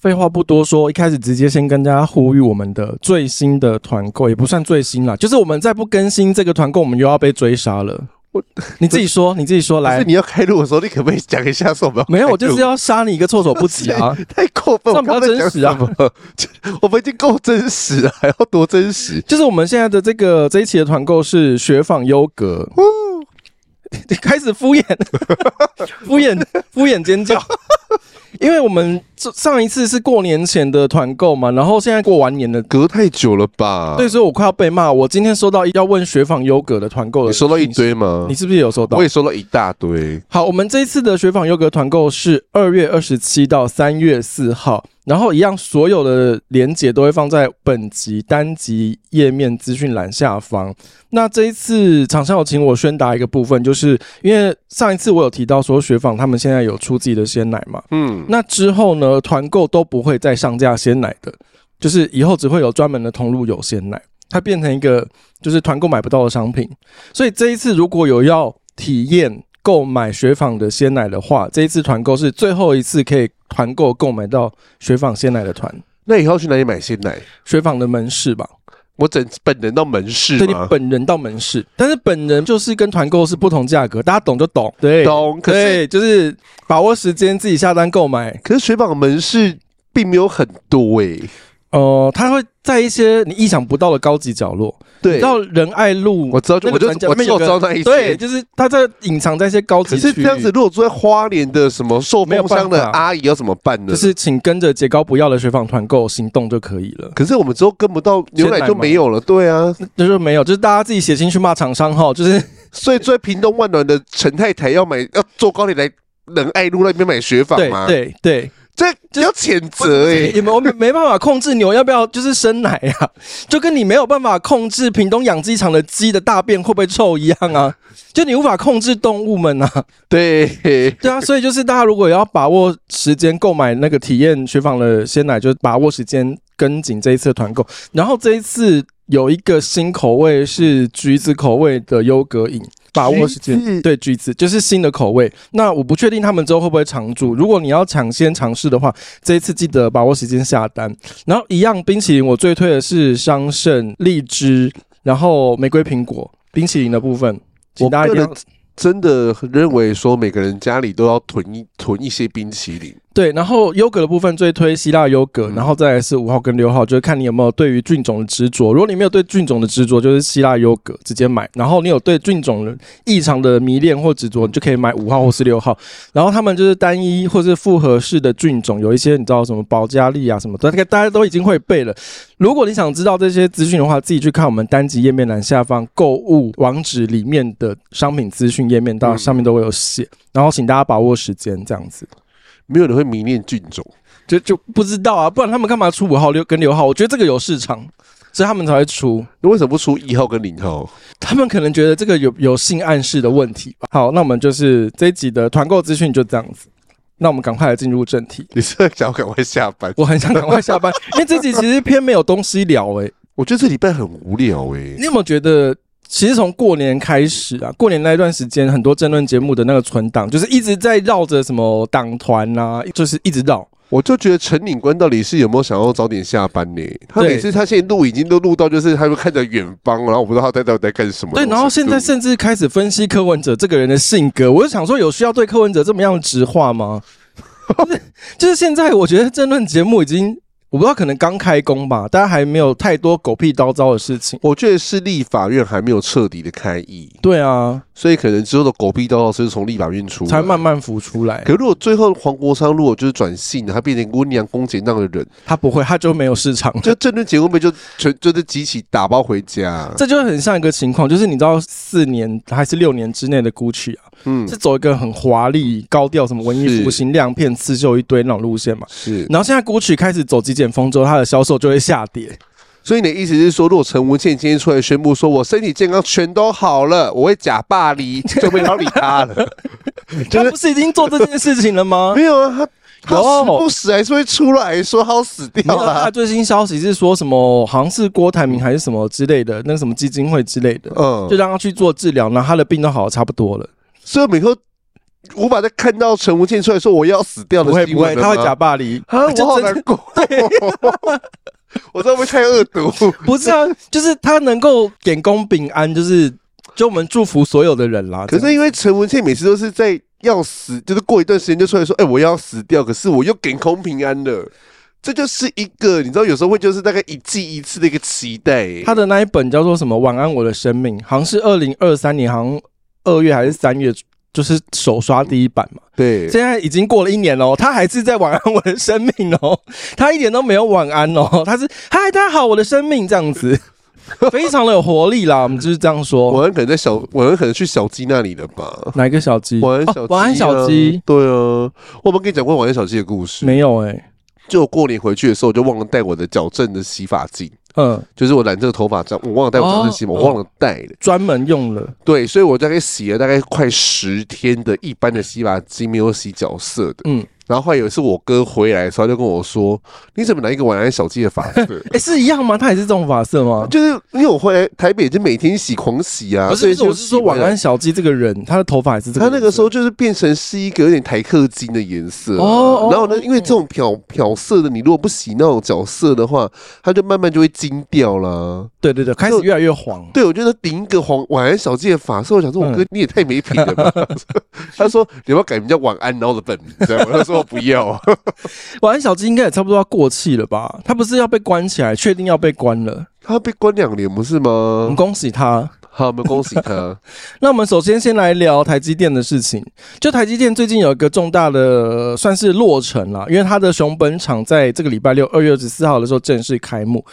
廢話不多說，一開始直接先跟大家呼籲我們的最新的團購，也不算最新了，就是我們再不更新這個團購，我們又要被追殺了。我你自己說，我你自己說，是來，是你要開路的時候，你可不可以講一下說，沒有，我就是要殺你一個措手不及啊！太過分，這樣不真實啊！我們已經夠真實了，還要多真實？就是我們現在的這個這一期的團購是雪坊優格，哦、 你開始敷衍， 敷衍，敷衍尖叫。 因為我們上一次是過年前的團購嘛，然後現在過完年了，隔太久了吧？對，所以我快要被罵。我今天收到一定要問雪坊優格的團購的，你收到一堆嗎？你是不是也有收到？我也收到一大堆。好，我們這一次的雪坊優格團購是二月二十七到三月四號，然後一樣，所有的鏈接都會放在本集單集頁面資訊欄下方。那這一次廠商有請我宣達一個部分，就是因為上一次我有提到說雪坊他們現在有出自己的鮮奶嘛，嗯。那之後呢，團購都不會再上架鮮奶的，就是以後只會有專門的通路有鮮奶，它變成一個就是團購買不到的商品。所以這一次如果有要體驗購買雪坊的鮮奶的話，這一次團購是最後一次可以團購購買到雪坊鮮奶的團。那以後去哪裡買鮮奶？雪坊的門市吧。我整本人到門市，對，你本人到門市，但是本人就是跟團購是不同價格，大家懂就懂，對，懂，可是對，就是把握時間自己下單購買。可是雪坊門市並沒有很多誒、欸。哦，他、呃、會在一些你意想不到的高級角落，對，到仁愛路我我，我知道那，我就我見有招在一對，就是他在隱藏在一些高級。可是這樣子，如果住在花蓮的什麼受凍傷的阿姨要怎麼辦呢？辦就是請跟着傑高不要的雪坊團購行動就可以了。可是我們之後跟不到，牛奶就沒有了。對啊，就是沒有，就是大家自己寫信去罵廠商哈。就是 所以住在屏東萬巒的陳太太要買，要坐高鐵來仁愛路那邊買雪坊嗎？對對。對對這就要譴責誒，你們沒辦法控制牛 要不要就是生奶啊，就跟你沒有辦法控制屏東養雞場的雞的大便會不會臭一樣啊，就你無法控制動物們啊。 對，對啊，所以就是大家如果要把握時間購買那個體驗雪坊的鮮奶，就把握時間跟緊這一次團購，然後這一次有一個新口味是橘子口味的優格飲。把握時間，其對，橘子就是新的口味。那我不確定他們之後會不會常駐，如果你要搶先嘗試的話，這一次記得把握時間下單。然後一樣冰淇淋，我最推的是桑葚、荔枝，然後玫瑰蘋果冰淇淋的部分。其他一我個人真的認為說，每個人家裡都要囤一囤一些冰淇淋。對，然後優格的部分最推希臘優格，然後再來是五號跟六號，就是看你有沒有對於菌種的執着。如果你沒有對菌種的執着，就是希臘優格直接買；然後你有對菌種異常的迷戀或執着，你就可以買五號或是六號。然後他們就是單一或是複合式的菌種，有一些你知道什麼保加利亞什麼，的，大家都已經會背了。如果你想知道這些資訊的話，自己去看我們單集頁面欄下方購物網址裡面的商品資訊頁面，到上面都會有寫。嗯、然後請大家把握時間，這樣子。沒有人會迷戀俊種就，就就不知道啊，不然他們幹嘛出五號六跟六號？我覺得這個有市場，所以他們才會出。你為什麼不出一號跟零號？他們可能覺得這個有有性暗示的問題吧。好，那我們就是這一集的團購資訊就這樣子。那我們趕快來進入正題。你是想趕快，快下班，我很想趕快下班，因為這集其實偏沒有東西聊哎、欸。我覺得這禮拜很無聊哎、欸。你有沒有覺得？其實從過年開始啊，過年那一段時間，很多政論節目的那個存檔，就是一直在繞着什麼黨團啊，就是一直繞。我就覺得陳領官到底是有沒有想要早點下班呢？他每次他現在錄已經都錄到，就是他都看着遠方，然後我不知道他到底在幹什麼。對，然後現在甚至開始分析柯文哲這個人的性格。我就想說，有需要對柯文哲這麼樣直話嗎、 就是？就是現在，我覺得政論節目已經。我不知道，可能剛開工吧，大家還沒有太多狗屁叨叨的事情。我覺得是立法院還沒有徹底的開議，對啊，所以可能之後的狗屁叨叨是從立法院出來，才慢慢浮出來。可如果最後黃國昌如果就是轉性，他變成溫良恭儉那樣的人，他不會，他就沒有市場了，就這段節目被就全就是集體打包回家， 這就很像一個情況，就是你知道四年還是六年之內的姑息啊。嗯，是走一個很華麗、高調，什麼文藝復興、亮片、刺繡一堆那種路線嘛。是，然後現在 Gucci 開始走極簡風，之後他的銷售就會下跌。是 所以你的意思是說，如果陳文茜今天出來宣布說我身體健康全都好了，我會假霸離，就沒人理他了。 就是 他不是已經做這件事情了嗎？ 沒有啊，他他死不死還是會出來說好死掉了、啊。哦啊、他最新消息是說什麼，好像是郭台銘還是什麼之類的，那個什麼基金會之類的，嗯，就讓他去做治療，然後他的病都好差不多了。所以我每刻，我無法再看到陳文茜出來說我要死掉的新聞，不會，他會假霸凌啊！我好難過， 我知道會太惡毒？ 不是啊，就是他能夠給公平安，就是就我們祝福所有的人啦。可是因為陳文茜每次都是在要死，就是過一段時間就出來說，哎、欸，我要死掉。可是我又給公平安了，這就是一個你知道，有時候會就是大概一季一次的一個期待、欸。他的那一本叫做什麼《晚安，我的生命》，好像，是二零二三年，好像。二月還是三月，就是首刷第一版嘛。對，現在已經過了一年了，他還是在晚安我的生命哦、喔，他一點都沒有晚安哦、喔，他是嗨大家好，我的生命這樣子，非常的有活力啦。我們就是這樣說， 晚安可能在小，晚安可能去小雞那裡了吧。哪個小雞？晚安小雞、啊。對啊，我們跟你講過晚安小雞的故事沒有？哎，就過年回去的時候，我就忘了帶我的矯正的洗髮精。嗯，就是我染這個頭髮，我忘了帶我染這個洗髮、哦、我忘了帶的，專、哦、門用了，對，所以我大概洗了大概快十天的一般的洗髮劑，沒有洗角色的，嗯。然後後來有一次我哥回來的時候就跟我說：“你怎麼拿一個晚安小雞的髮色？哎，是一樣嗎？他也是這種髮色嗎？”就是因為我回來台北已經每天洗狂洗啊。所以是，我是說晚安小雞這個人，他的頭髮也是這樣。他那個時候就是變成是一個有點台客金的顏色。哦，然後呢，因為這種漂漂色的，你如果不洗那種角色的話，它就慢慢就會金掉啦。對對對，開始越來越黃。對，我覺得頂一個黃晚安小雞的髮色，我想說我哥你也太沒品了吧。他說：“你要改名叫晚安老的本名。”這樣說。不要，安 小雞應該也差不多要過氣了吧？他不是要被關起來？確定要被關了？他被關兩年不是嗎？我們恭喜他，好，我們恭喜他。那我們首先先來聊台積電的事情。就台積電最近有一個重大的算是落成啦，因為他的熊本廠在這個禮拜六二月二十四號的時候正式開幕。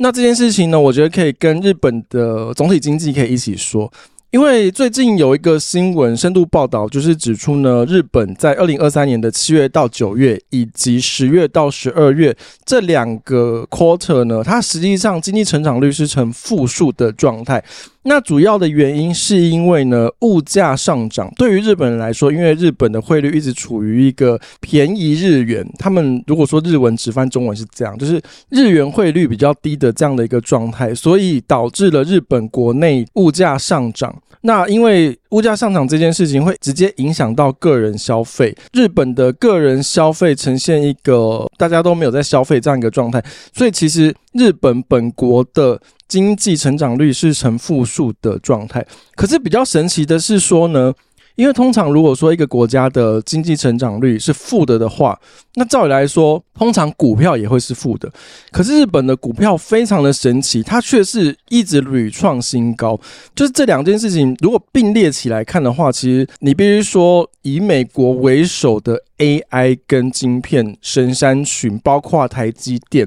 那這件事情呢，我覺得可以跟日本的總體經濟可以一起說。因為最近有一個新聞深度報道，就是指出呢，日本在二零二三年的七月到九月以及十月到十二月這兩個 quarter 呢，它實際上經濟成長率是呈負數的狀態。那主要的原因是因為呢，物價上漲對於日本人來說，因為日本的匯率一直處於一個便宜日元，他們如果說日文直翻中文是這樣，就是日元匯率比較低的這樣的一個狀態，所以導致了日本國內物價上漲。那因為物價上漲這件事情會直接影響到個人消費，日本的個人消費呈現一個大家都沒有在消費這樣一個狀態，所以其實日本本國的。經濟成長率是呈負數的狀態，可是比較神奇的是說呢，因為通常如果說一個國家的經濟成長率是負的的話，那照理來說，通常股票也會是負的。可是日本的股票非常的神奇，它卻是一直屢創新高。就是這兩件事情，如果並列起來看的話，其實你必須說以美國為首的 AI 跟晶片神山群，包括台積電。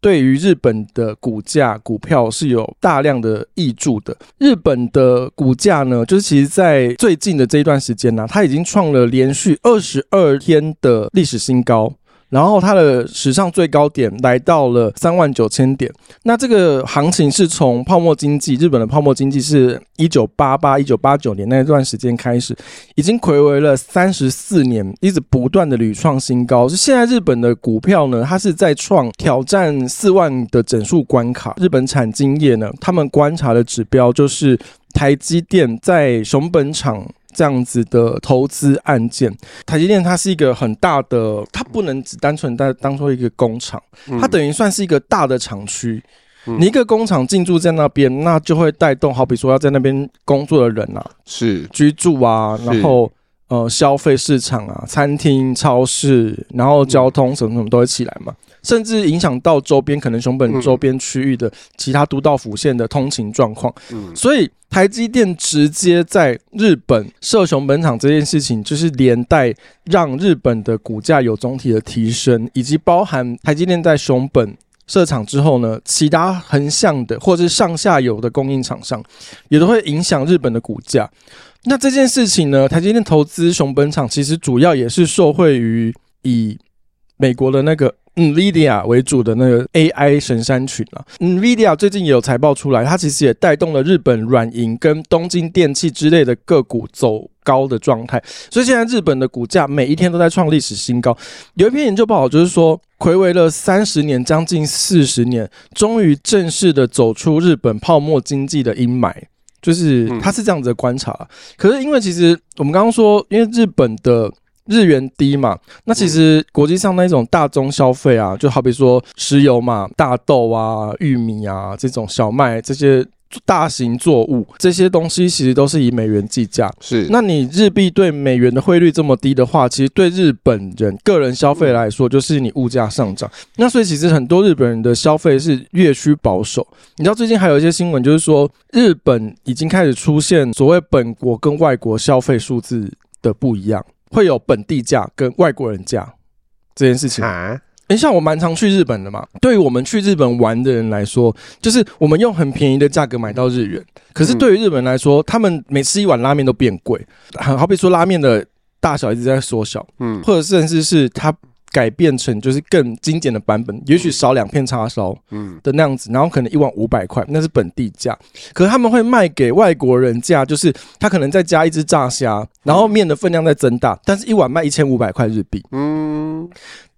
對於日本的股價、股票是有大量的挹注的。日本的股價呢，就是其實在最近的這一段時間呢、啊，它已經創了連續二十二天的歷史新高。然後它的史上最高點來到了三萬九千點，那這個行情是從泡沫經濟，日本的泡沫經濟是一九八八、一九八九年那一段時間開始，已經暌違了三十四年，一直不斷的屢創新高。是現在日本的股票呢，它是在創挑戰四萬的整數關卡。日本產經業呢，他們觀察的指標就是台積電在熊本廠。這樣子的投資案件，台積電它是一個很大的，它不能只單純的當做一個工廠，它等於算是一個大的廠區。嗯、你一個工廠進駐在那邊，那就會帶動，好比說要在那邊工作的人啊，是居住啊，然後是呃消費市場啊，餐廳、超市，然後交通什麼什麼都會起來嘛。甚至影響到周邊可能熊本周邊區域的其他都道府縣的通勤狀況。嗯，所以台積電直接在日本設熊本廠這件事情，就是連帶讓日本的股價有總體的提升，以及包含台積電在熊本設廠之後呢，其他橫向的或是上下游的供應廠商，也都會影響日本的股價。那這件事情呢，台積電投資熊本廠其實主要也是受惠於以美國的那個。NVIDIA 為主的那個 AI 神山群啊，NVIDIA 最近也有財報出來，它其實也帶動了日本軟銀跟東京電器之類的個股走高的狀態，所以現在日本的股價每一天都在創歷史新高。有一篇研究報告就是說，睽違了三十年，將近四十年，終於正式的走出日本泡沫經濟的陰霾，就是它是這樣子的觀察啊。可是因為其實我們剛剛說，因為日本的。日元低嘛，那其實國際上那種大宗消費啊，嗯、就好比說石油嘛、大豆啊、玉米啊這種小麥這些大型作物這些東西，其實都是以美元計價。是，那你日幣對美元的匯率這麼低的話，其實對日本人個人消費來說，就是你物價上漲。嗯、那所以其實很多日本人的消費是越趨保守。你知道最近還有一些新聞，就是說日本已經開始出現所謂本國跟外國消費數字的不一樣。會有本地價跟外國人價這件事情啊，你像我蠻常去日本的嘛，對於我們去日本玩的人來說，就是我們用很便宜的價格買到日元，可是對於日本來說，他們每吃一碗拉麵都變貴，好比說拉麵的大小一直在縮小，嗯，或者甚至是他改變成就是更精簡的版本，也許少兩片叉燒，嗯的那樣子，然後可能一碗五百塊，那是本地價。可是他們會賣給外國人價，就是他可能再加一隻炸蝦，然後麵的分量再增大，但是一碗賣一千五百塊日幣，嗯。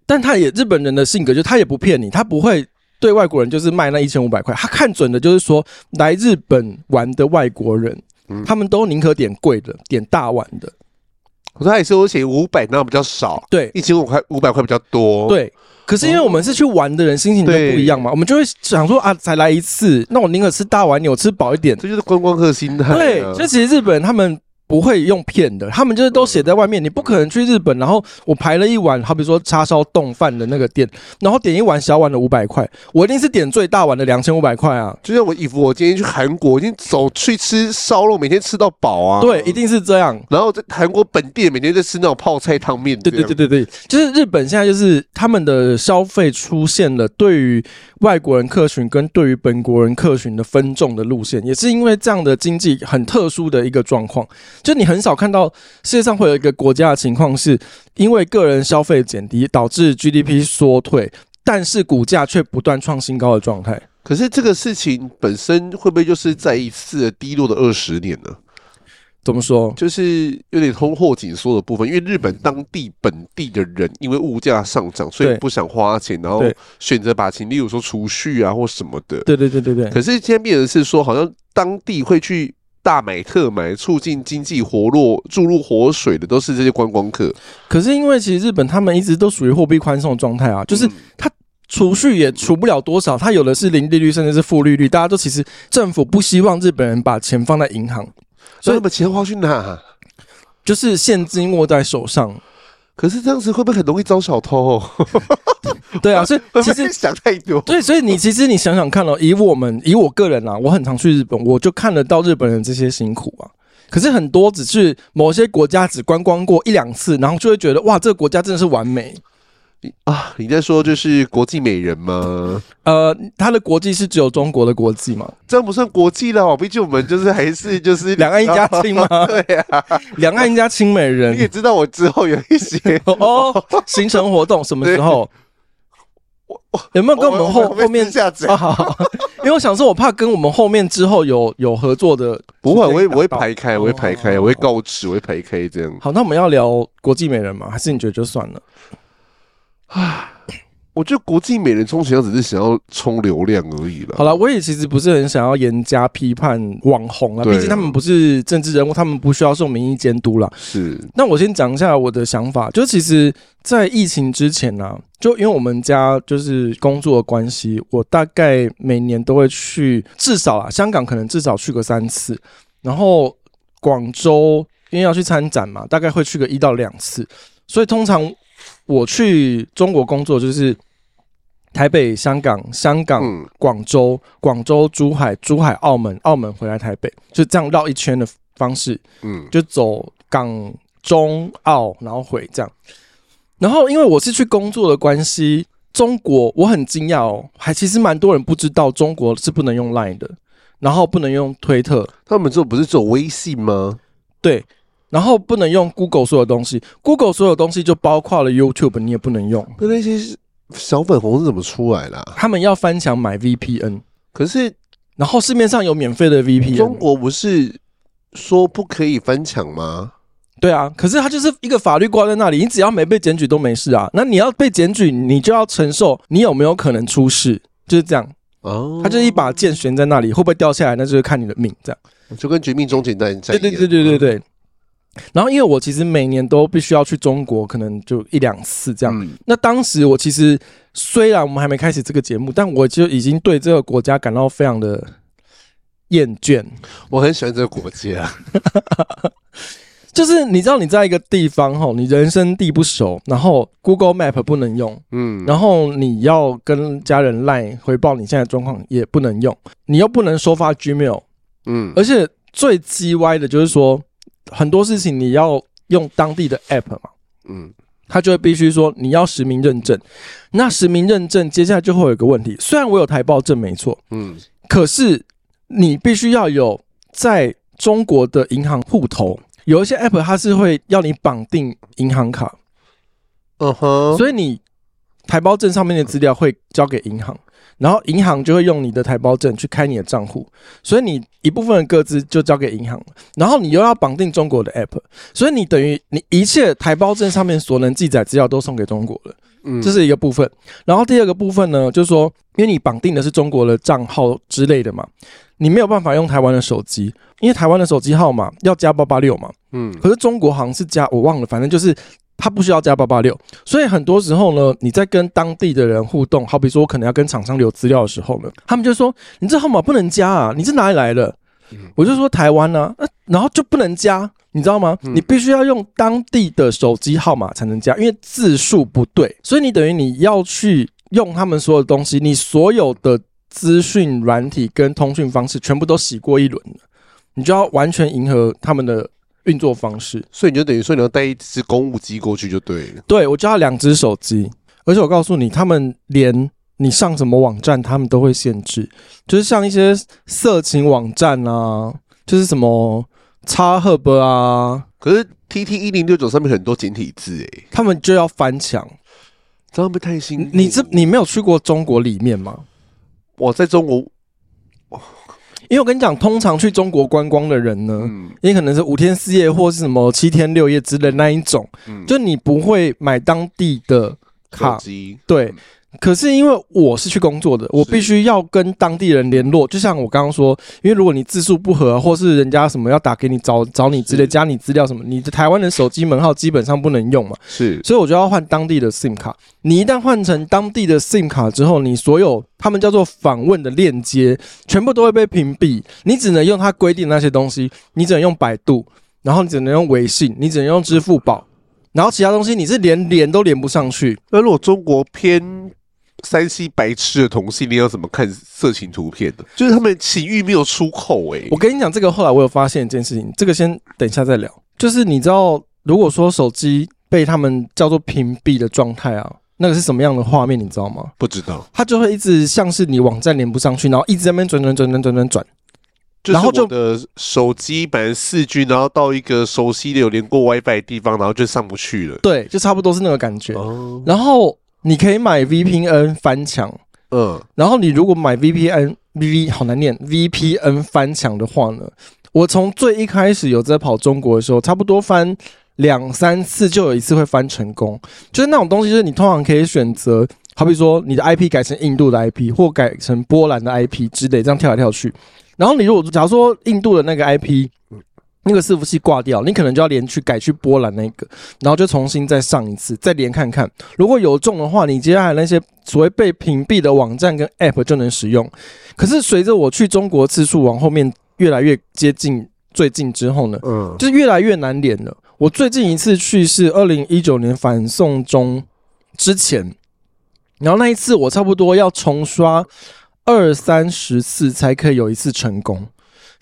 但他也日本人的性格，就是他也不騙你，他不會對外國人就是賣那一千五百塊。他看準的就是說來日本玩的外國人，他們都寧可點貴的，點大碗的。說我說他也是，我寫五百，那我比較少，對，一千五塊、五百塊比較多，對。可是因為我們是去玩的人，嗯、心情都不一樣嘛，對我們就會想說啊，才來一次，那我寧可吃大碗，我吃飽一點，這就是觀光客心態。對，就其實日本他們。不會用騙的，他們就是都寫在外面，嗯、你不可能去日本，然後我排了一碗，好比說叉燒丼飯的那個店，然後點一碗小碗的五百塊，我一定是點最大碗的兩千五百塊啊！就像我，如果我今天去韓國，我已經走去吃燒肉，每天吃到飽啊！對，一定是這樣。然後在韓國本地，每天在吃那種泡菜湯麵。對對對對對，就是日本現在就是他們的消費出現了對於外國人客群跟對於本國人客群的分眾的路線，也是因為這樣的經濟很特殊的一個狀況。就你很少看到世界上會有一個國家的情況，是因為個人消費減低導致 GDP 縮退，但是股價卻不斷創新高的狀態。可是這個事情本身會不會就是再一次的低落的二十年呢？啊。怎麼說？就是有點通貨緊縮的部分，因為日本當地本地的人因為物價上漲，所以不想花錢，對然後選擇把錢，例如說儲蓄啊或什麼的。對，對對對對對。可是現在變成是說，好像當地會去。大買特買，促進經濟活絡、注入活水的，都是這些觀光客。可是因為其實日本他們一直都屬於貨幣寬鬆的狀態啊，就是他儲蓄也儲不了多少，他有的是零利率，甚至是負利率。大家都其實政府不希望日本人把錢放在銀行，所以把錢花去哪？就是現金握在手上。可是這樣子會不會很容易招小偷哦？ 對啊，所以其實會不會想太多。 對，所以你其實你想想看哦，以我們以我個人啊，我很常去日本，我就看得到日本人這些辛苦啊。可是很多只是某些國家只觀光過一兩次，然後就會覺得哇，這個國家真的是完美。啊，你在說就是國際美人嗎？呃，他的國際是只有中國的國際嗎？這不算國際了，畢竟我們就是還是就是兩 岸一家親嘛。 對呀、啊，兩岸一家親美人。你也知道我之後有一些 哦，哦，行程活動，什麼時候？我，我有沒有跟我們後後面這樣子？因為我想說，我怕跟我們後面之後有有合作的，不會，我會我會排開，我會排開，哦哦哦哦，我會告知，我會排開這樣。好，那我們要聊國際美人嗎？還是你覺得就算了？啊，我覺得國際每人充錢，只是想要充流量而已了。好了，我也其實不是很想要嚴加批判網紅了，畢、啊、竟他們不是政治人物，他們不需要受民意監督了。是，那我先講一下我的想法，就其實，在疫情之前呢、啊，就因為我們家就是工作的關係，我大概每年都會去至少啊，香港可能至少去個三次，然後廣州因為要去參展嘛，大概會去個一到兩次，所以通常。我去中國工作，就是台北、香港、香港、廣州、廣州、珠海、珠海、澳門、澳門回來台北，就這樣繞一圈的方式。嗯，就走港中澳，然後回這樣。然後因為我是去工作的關係，中國我很驚訝哦，還其實蠻多人不知道中國是不能用 Line 的，然後不能用推特，他們這不是做微信嗎？對。然後不能用 Google 所有東西，Google 所有東西就包括了 YouTube，你也不能用。那那些小粉紅是怎麼出來的啊？他們要翻牆買 VPN，可是然後市面上有免費的 VPN。中國不是說不可以翻牆嗎？對啊，可是它就是一個法律掛在那裡，你只要沒被檢舉都沒事啊。那你要被檢舉，你就要承受你有沒有可能出事，就是這樣。哦，它就是一把劍懸在那裡，會不會掉下來？那就是看你的命，這樣。就跟絕命終結站一樣。對，對對對對對對。然後，因為我其實每年都必須要去中國，可能就一兩次這樣。嗯、那當時我其實雖然我們還沒開始這個節目，但我就已經對這個國家感到非常的厭倦。我很喜歡這個國家，啊， 就是你知道，你在一個地方哈，你人生地不熟，然後 Google Map 不能用，嗯，然後你要跟家人 LINE 回報你現在狀況也不能用，你又不能收發 Gmail，嗯，而且最機歪的就是說。很多事情你要用當地的 app 嘛，嗯，他就會必須說你要實名認證。那實名認證接下來就會有一個問題，雖然我有台胞證沒錯，嗯，可是你必須要有在中國的銀行戶頭。有一些 app 它是會要你綁定銀行卡，哦哼、uh-huh. 所以你台胞證上面的資料會交給銀行，然後銀行就會用你的台胞證去開你的賬戶，所以你一部分的個資就交給銀行，然後你又要綁定中國的 App，所以你等於你一切台胞證上面所能記載資料都送給中國了，嗯，這是一個部分。然後第二個部分呢，就是說，因為你綁定的是中國的賬號之類的嘛，你沒有辦法用台灣的手機，因為台灣的手機號碼要加八八六嘛，嗯，可是中國好像是加，我忘了，反正就是。他不需要加八八六，所以很多時候呢，你在跟當地的人互動，好比說我可能要跟廠商留資料的時候呢，他們就說你這號碼不能加啊，你是哪裡來的？嗯、我就說台灣呢、啊，那、啊、然後就不能加，你知道嗎？你必須要用當地的手機號碼才能加，因為字數不對，所以你等於你要去用他們所有的東西，你所有的資訊軟體跟通訊方式全部都洗過一輪，你就要完全迎合他們的運作方式，所以你就等於說你要帶一支公務機過去就對了。對，我就要兩隻手機，而且我告訴你，他們連你上什麼網站，他們都會限制，就是像一些色情網站啊，就是什麼插 Hub 啊，可是 TT1069 上面很多簡體字、欸，他們就要翻牆，真的不太行。你這你沒有去過中國裡面嗎？我在中國。因為我跟你講，通常去中國觀光的人呢，也可能是五天四夜，或是什麼七天六夜之類的那一種，就你不會買當地的卡，對。可是因為我是去工作的，我必須要跟當地人聯絡。是就像我剛剛說，因為如果你字數不合，啊，或是人家什麼要打給你找找你之類，加你資料什麼，你的台灣的手機門號基本上不能用嘛。是，所以我就要換當地的 SIM 卡。你一旦換成當地的 SIM 卡之後，你所有他們叫做訪問的鏈接，全部都會被屏蔽。你只能用他規定那些東西，你只能用百度，然後你只能用微信，你只能用支付寶，然後其他東西你是連連都連不上去。而如果中國偏 3C 白痴的同性戀，你要怎麼看色情圖片的？就是他們情欲沒有出口哎、欸！我跟你講，這個後來我有發現一件事情，這個先等一下再聊。就是你知道，如果說手機被他們叫做屏蔽的狀態啊，那個是什麼樣的畫面？你知道嗎？不知道。他就會一直像是你網站連不上去，然後一直在那邊轉轉轉轉轉轉轉。然後就，就是我的手機本來四 G，然後到一個熟悉的有連過 WiFi 的地方，然後就上不去了。對，就差不多是那個感覺。哦、然後。你可以買 VPN 翻牆，嗯，然後你如果買 VPN，VV 好難念，VPN 翻牆的話呢，我從最一開始有在跑中國的時候，差不多翻兩三次就有一次會翻成功，就是那種東西，就是你通常可以選擇，好比說你的 IP 改成印度的 IP 或改成波蘭的 IP 之類，這樣跳來跳去，然後你如果假如說印度的那個 IP，那個伺服器掛掉，你可能就要連去改去波蘭那個，然後就重新再上一次，再連看看。如果有中的話，你接下來那些所謂被屏蔽的網站跟 App 就能使用。可是隨着我去中國次數往後面越來越接近最近之後呢，嗯，就越來越難連了。我最近一次去是二零一九年反送中之前，然後那一次我差不多要重刷二三十次才可以有一次成功。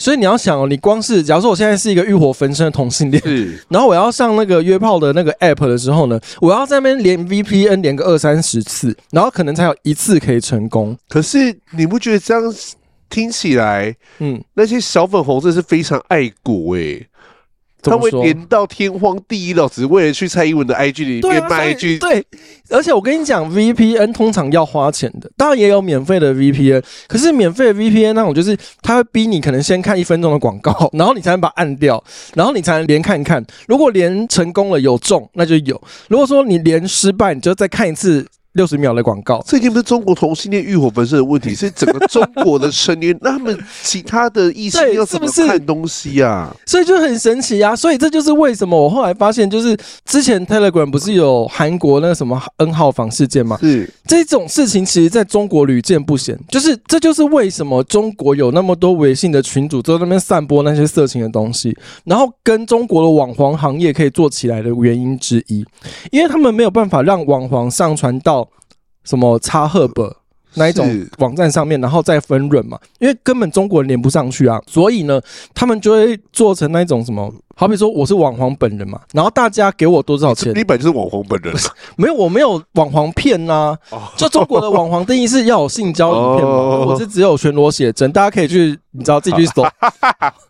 所以你要想哦，你光是假如說我現在是一個慾火焚身的同性戀，是然後我要上那個約炮的那個 App 的時候呢，我要在那邊連 VPN 連個二三十次，然後可能才有一次可以成功。可是你不覺得這樣聽起來，嗯，那些小粉紅真的是非常愛國誒、欸。他會連到天荒地老，只為了去蔡英文的 IG 裡面罵 IG。對，而且我跟你講，VPN 通常要花錢的，當然也有免費的 VPN。可是免費的 VPN 那種，就是他會逼你可能先看一分鐘的廣告，然後你才能把它按掉，然後你才能連看看。如果連成功了有中，那就有；如果說你連失敗，你就再看一次。六十秒的廣告，這已經不是中國同性戀慾火焚身的問題，是嘿整個中國的成員。那麼 其他的異性是不是看東西啊是是？所以就很神奇啊！所以這就是為什麼我後來發現，就是之前 Telegram 不是有韓國那個什麼 N 號房事件嘛？是這種事情，其實在中國屢見不鮮。就是這就是為什麼中國有那麼多微信的群主都在那邊散播那些色情的東西，然後跟中國的網黃行業可以做起來的原因之一，因為他們沒有辦法讓網黃上傳到。什麼插赫本那一種網站上面，是然後再分潤嘛？因為根本中國人連不上去啊，所以呢，他們就會做成那一種什麼？好比說我是網黃本人嘛，然後大家給我多少錢？你，你本就是網黃本人， 沒有我沒有網黃片吶、啊。就中國的網黃定義是要有性交影片嘛？ 我是只有全裸寫真，大家可以去你知道自己去搜。好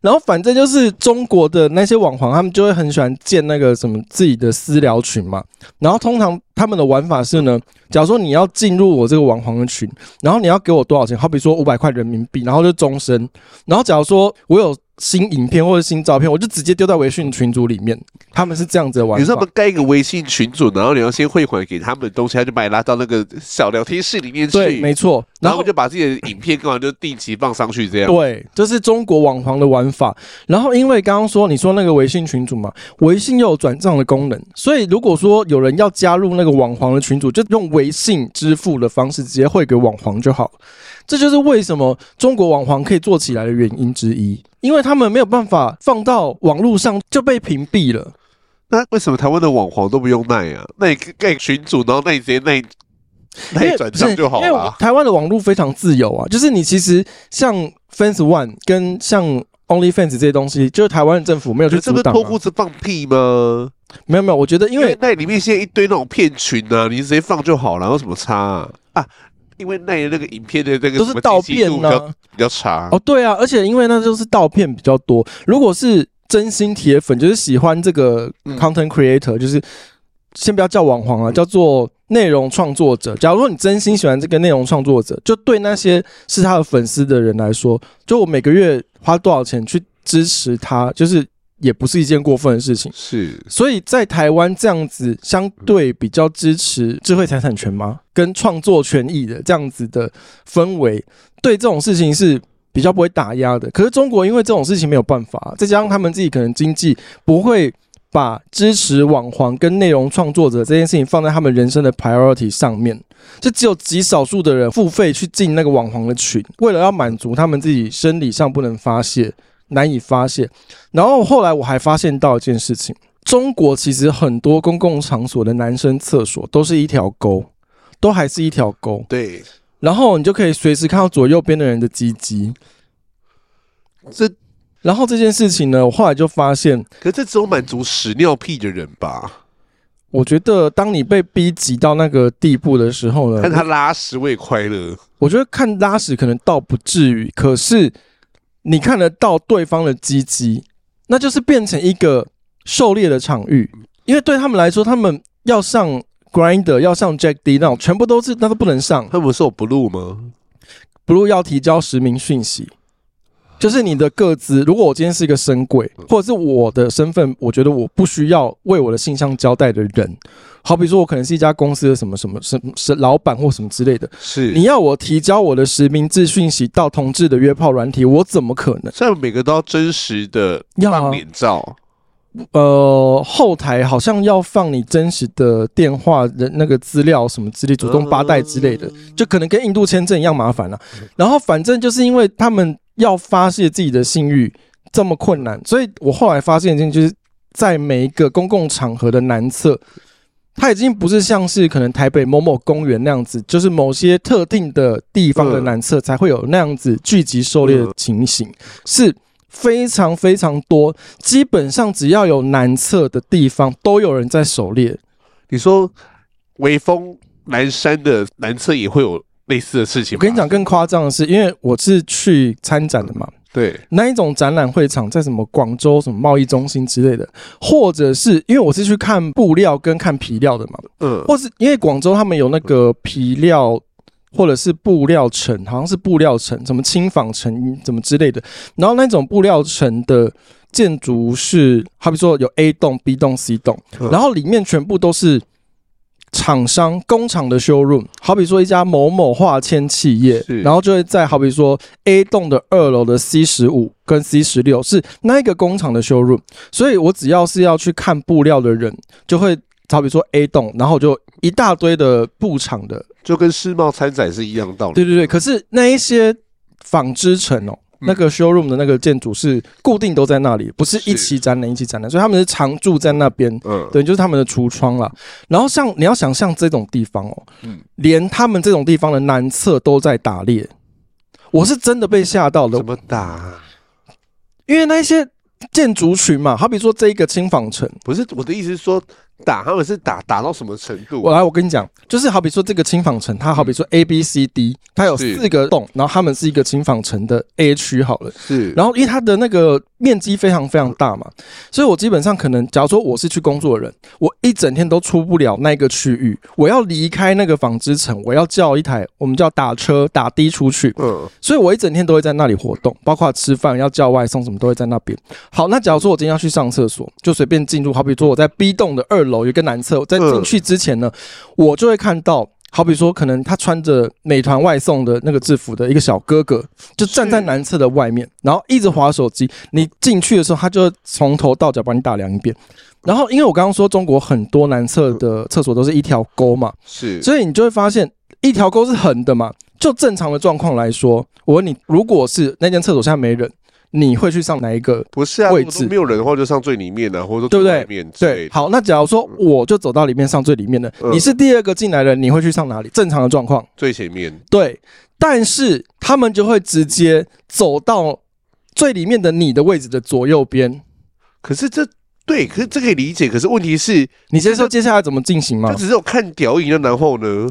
然後反正就是中國的那些網紅他們就會很喜歡建那個什麼自己的私聊群嘛。然後通常他們的玩法是呢，假如說你要進入我這個網紅的群，然後你要給我多少錢？好比說五百塊人民幣，然後就終身。然後假如說我有。新影片或者新照片，我就直接丟在微信群組裡面。他們是這樣子的玩法，你知道不？蓋一個微信群組，然後你要先匯款給他們的東西，他就把你拉到那個小聊天室裡面去。對，沒錯。然後我就把自己的影片剛好就定期放上去，這樣。對，這是中國網黃的玩法。然後因為剛剛說你說那個微信群組嘛，微信又有轉賬的功能，所以如果說有人要加入那個網黃的群組，就用微信支付的方式直接匯給網黃就好。這就是為什麼中國網黃可以做起來的原因之一。因為他們沒有辦法放到網絡上，就被屏蔽了。那為什麼台灣的網黃都不用內啊？那你蓋群主，然後那你直接內內轉賬就好了。台灣的網絡非常自由啊，就是你其實像 Fans One 跟像 OnlyFans 這些東西，就是台灣政府沒有去、啊、覺得這是脫褲子放屁嗎？沒有沒有，我覺得因為，因為那裡面現在一堆那種騙群啊，你直接放就好了，有什麼差啊？啊？因為那那個影片的這個都是盜片呢、啊，比較長哦，對啊，而且因為那就是盜片比較多。如果是真心鐵粉，就是喜歡這個 content creator，、嗯、就是先不要叫網黃啊，嗯、叫做內容創作者。假如說你真心喜歡這個內容創作者，就對那些是他的粉絲的人來說，就我每個月花多少錢去支持他，就是。也不是一件過分的事情，是，所以在台灣這樣子相對比較支持智慧財產權嗎，跟創作權益的這樣子的氛圍，對這種事情是比較不會打壓的。可是中國因為這種事情沒有辦法，再加上他們自己可能經濟不會把支持網黃跟內容創作者這件事情放在他們人生的 priority 上面，就只有極少數的人付費去進那個網黃的群，為了要滿足他們自己生理上不能發洩。難以發現，然後後來我還發現到一件事情：中國其實很多公共場所的男生廁所都是一條溝，都還是一條溝。對，然後你就可以隨時看到左右邊的人的雞雞。這，然後這件事情呢，我後來就發現，可這只有滿足屎尿屁的人吧？我覺得，當你被逼急到那個地步的時候呢，看他拉屎我也快樂。我覺得看拉屎可能倒不至於，可是。你看得到對方的雞雞，那就是變成一個狩獵的場域，因為對他們來說，他們要上 grinder，要上 Jack D 那種，全部都是，那都不能上。他們是我不是有 blue 嗎？blue 要提交實名訊息，就是你的個資。如果我今天是一個深櫃，或者是我的身份，我覺得我不需要為我的性向交代的人，好比說，我可能是一家公司的什麼什麼什麼，是老闆或什麼之類的，是你要我提交我的實名制訊息到同志的約炮軟體，我怎麼可能？現在每個都要真實的要臉照，呃，後台好像要放你真實的電話的那個資料什麼之類，祖宗八代之類的，嗯、就可能跟印度簽證一樣麻煩了、啊。然後反正就是因為他們要發洩自己的性慾這麼困難，所以我後來發現，就是在每一個公共場合的男廁。它已經不是像是可能台北某某公園那樣子，就是某些特定的地方的男廁才會有那樣子聚集狩獵的情形，嗯嗯、是非常非常多。基本上只要有男廁的地方，都有人在狩獵。你說，微風南山的男廁也會有類似的事情？我跟你講，更誇張的是，因為我是去參展的嘛。嗯對，那一種展覽會場在什麼廣州什麼貿易中心之類的，或者是因為我是去看布料跟看皮料的嘛，嗯，或是因為廣州他們有那個皮料或者是布料城，好像是布料城，什麼輕紡城，怎麼之類的。然後那種布料城的建築是，好比說有 A 棟、B 棟、C 棟，然後裡面全部都是。廠商工廠的 showroom，好比說一家某某化纖企業，是然後就會在好比說 A 棟的二樓的 C 十五跟 C 十六是那一個工廠的 showroom，所以我只要是要去看布料的人，就會好比說 A 棟，然後就一大堆的布廠的，就跟世貿參展是一樣道理的。對對對，可是那一些紡織城哦，那個 showroom 的那個建築是固定都在那裡，不是一起展覽一起展覽，是所以他們是常住在那邊。嗯，對，就是他們的櫥窗啦。然後像你要想象這種地方哦、喔，嗯、連他們這種地方的南側都在打獵，我是真的被嚇到了。怎麼打、啊？因為那些建築群嘛，好比說這一個輕紡城，不是我的意思是說。打，他們是打打到什麼程度啊？我來，我跟你講，就是好比說這個輕紡城，它好比說 A、嗯、B、C、D，它有四個洞，是然後他們是一個輕紡城的 A 區，好了，是，然後因為它的那個。面積非常非常大嘛，所以我基本上可能，假如說我是去工作的人，我一整天都出不了那個區域，我要離開那個紡織城，我要叫一台我們叫打車打的出去，嗯，所以我一整天都會在那裡活動，包括吃飯要叫外送什麼都會在那邊。好，那假如說我今天要去上廁所，就隨便進入，好比如說我在 B 棟的二樓有一個男廁，在進去之前呢，我就會看到。好比說，可能他穿着美團外送的那個制服的一個小哥哥，就站在男廁的外面，然後一直滑手機。你進去的時候，他就從頭到腳幫你打量一遍。然後，因為我剛剛說中國很多男廁的廁所都是一條溝嘛，是，所以你就會發現一條溝是橫的嘛。就正常的狀況來說，我問你，如果是那間廁所現在沒人。你會去上哪一個？不是啊，位置。沒有人的話，就上最裡面啊，或者說最裡面對不對？對，好，那假如說我就走到裡面上最裡面的，嗯、你是第二個進來的，你會去上哪裡？正常的狀況最前面對，但是他們就會直接走到最裡面的你的位置的左右邊。可是這，對，可是這可以理解，可是問題是，你先說接下來怎麼進行嗎？他只是有看投影，然後呢，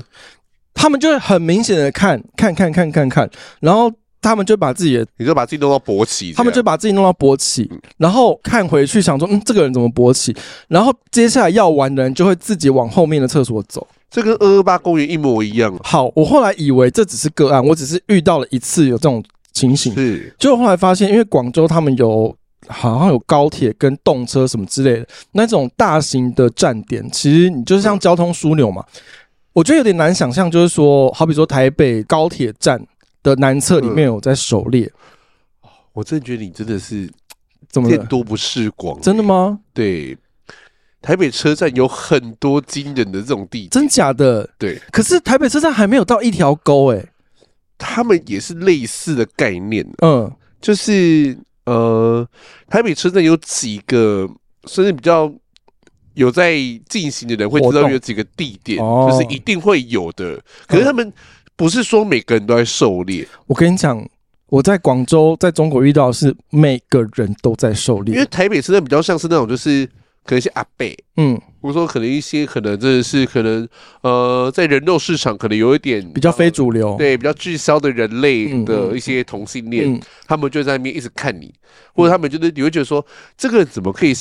他們就會很明顯的看看看看看，看看，然後。他們就把自己，你就把自己弄到勃起，他們就把自己弄到勃起，然後看回去想說，嗯，這個人怎麼勃起，然後接下來要玩的人就會自己往後面的廁所走，這跟二二八公園一模一樣。好，我後來以為這只是個案，我只是遇到了一次有這種情形，是，就後來發現，因為廣州他們有好像有高鐵跟動車什麼之類的那種大型的站點，其實你就是像交通樞紐嘛，我覺得有點難想象，就是說，好比說台北高鐵站。的南側裡面有在狩獵、呃，我真的覺得你真的是天、欸、怎麼見多不識廣，真的嗎？對，台北車站有很多驚人的這種地點，真假的？對，可是台北車站還沒有到一條溝哎，他們也是類似的概念、啊，嗯，就是呃，台北車站有幾個甚至比較有在進行的人會活動，知道有幾個地點，哦、就是一定會有的，可是他們。嗯不是說每個人都在狩獵，我跟你講，我在廣州在中國遇到的是每個人都在狩獵，因為台北真的比較像是那種就是可能一些阿伯，嗯，或者說可能一些可能真的是可能呃，在人肉市場可能有一點比較非主流，呃、對，比較滯銷的人類的一些同性戀，嗯、他們就在那邊一直看你，嗯、或者他們就是你會覺得說這個人怎麼可以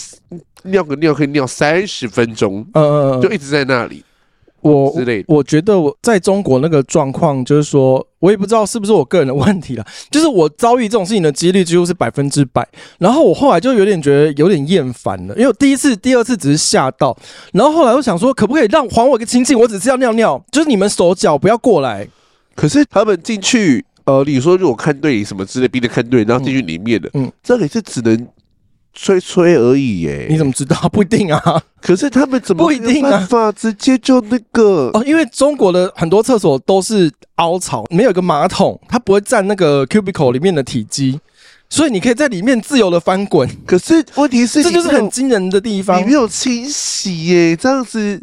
尿個尿可以尿三十分鐘？嗯嗯、呃，就一直在那裡。我我覺得我在中國那個狀況，就是說我也不知道是不是我個人的問題了，就是我遭遇這種事情的幾率幾乎是百分之百。然後我後來就有點覺得有點厭煩了，因為第一次、第二次只是嚇到，然後後來我想說，可不可以讓還我一個清淨？我只是要尿尿，就是你們手腳不要過來。可是他們進去，呃，你說如果看對什麼之類，必須看對，然後進去裡面的、嗯，嗯，這裡是只能。吹吹而已耶、欸，你怎麼知道？不一定啊。可是他們怎麼辦法、那個、不一定啊？直接就那個哦，因為中國的很多廁所都是凹槽，沒有一個馬桶，它不會佔那個 cubicle 裡面的體積，所以你可以在裡面自由的翻滾。可是問題是，這就是很驚人的地方，你沒有清洗耶、欸，這樣子。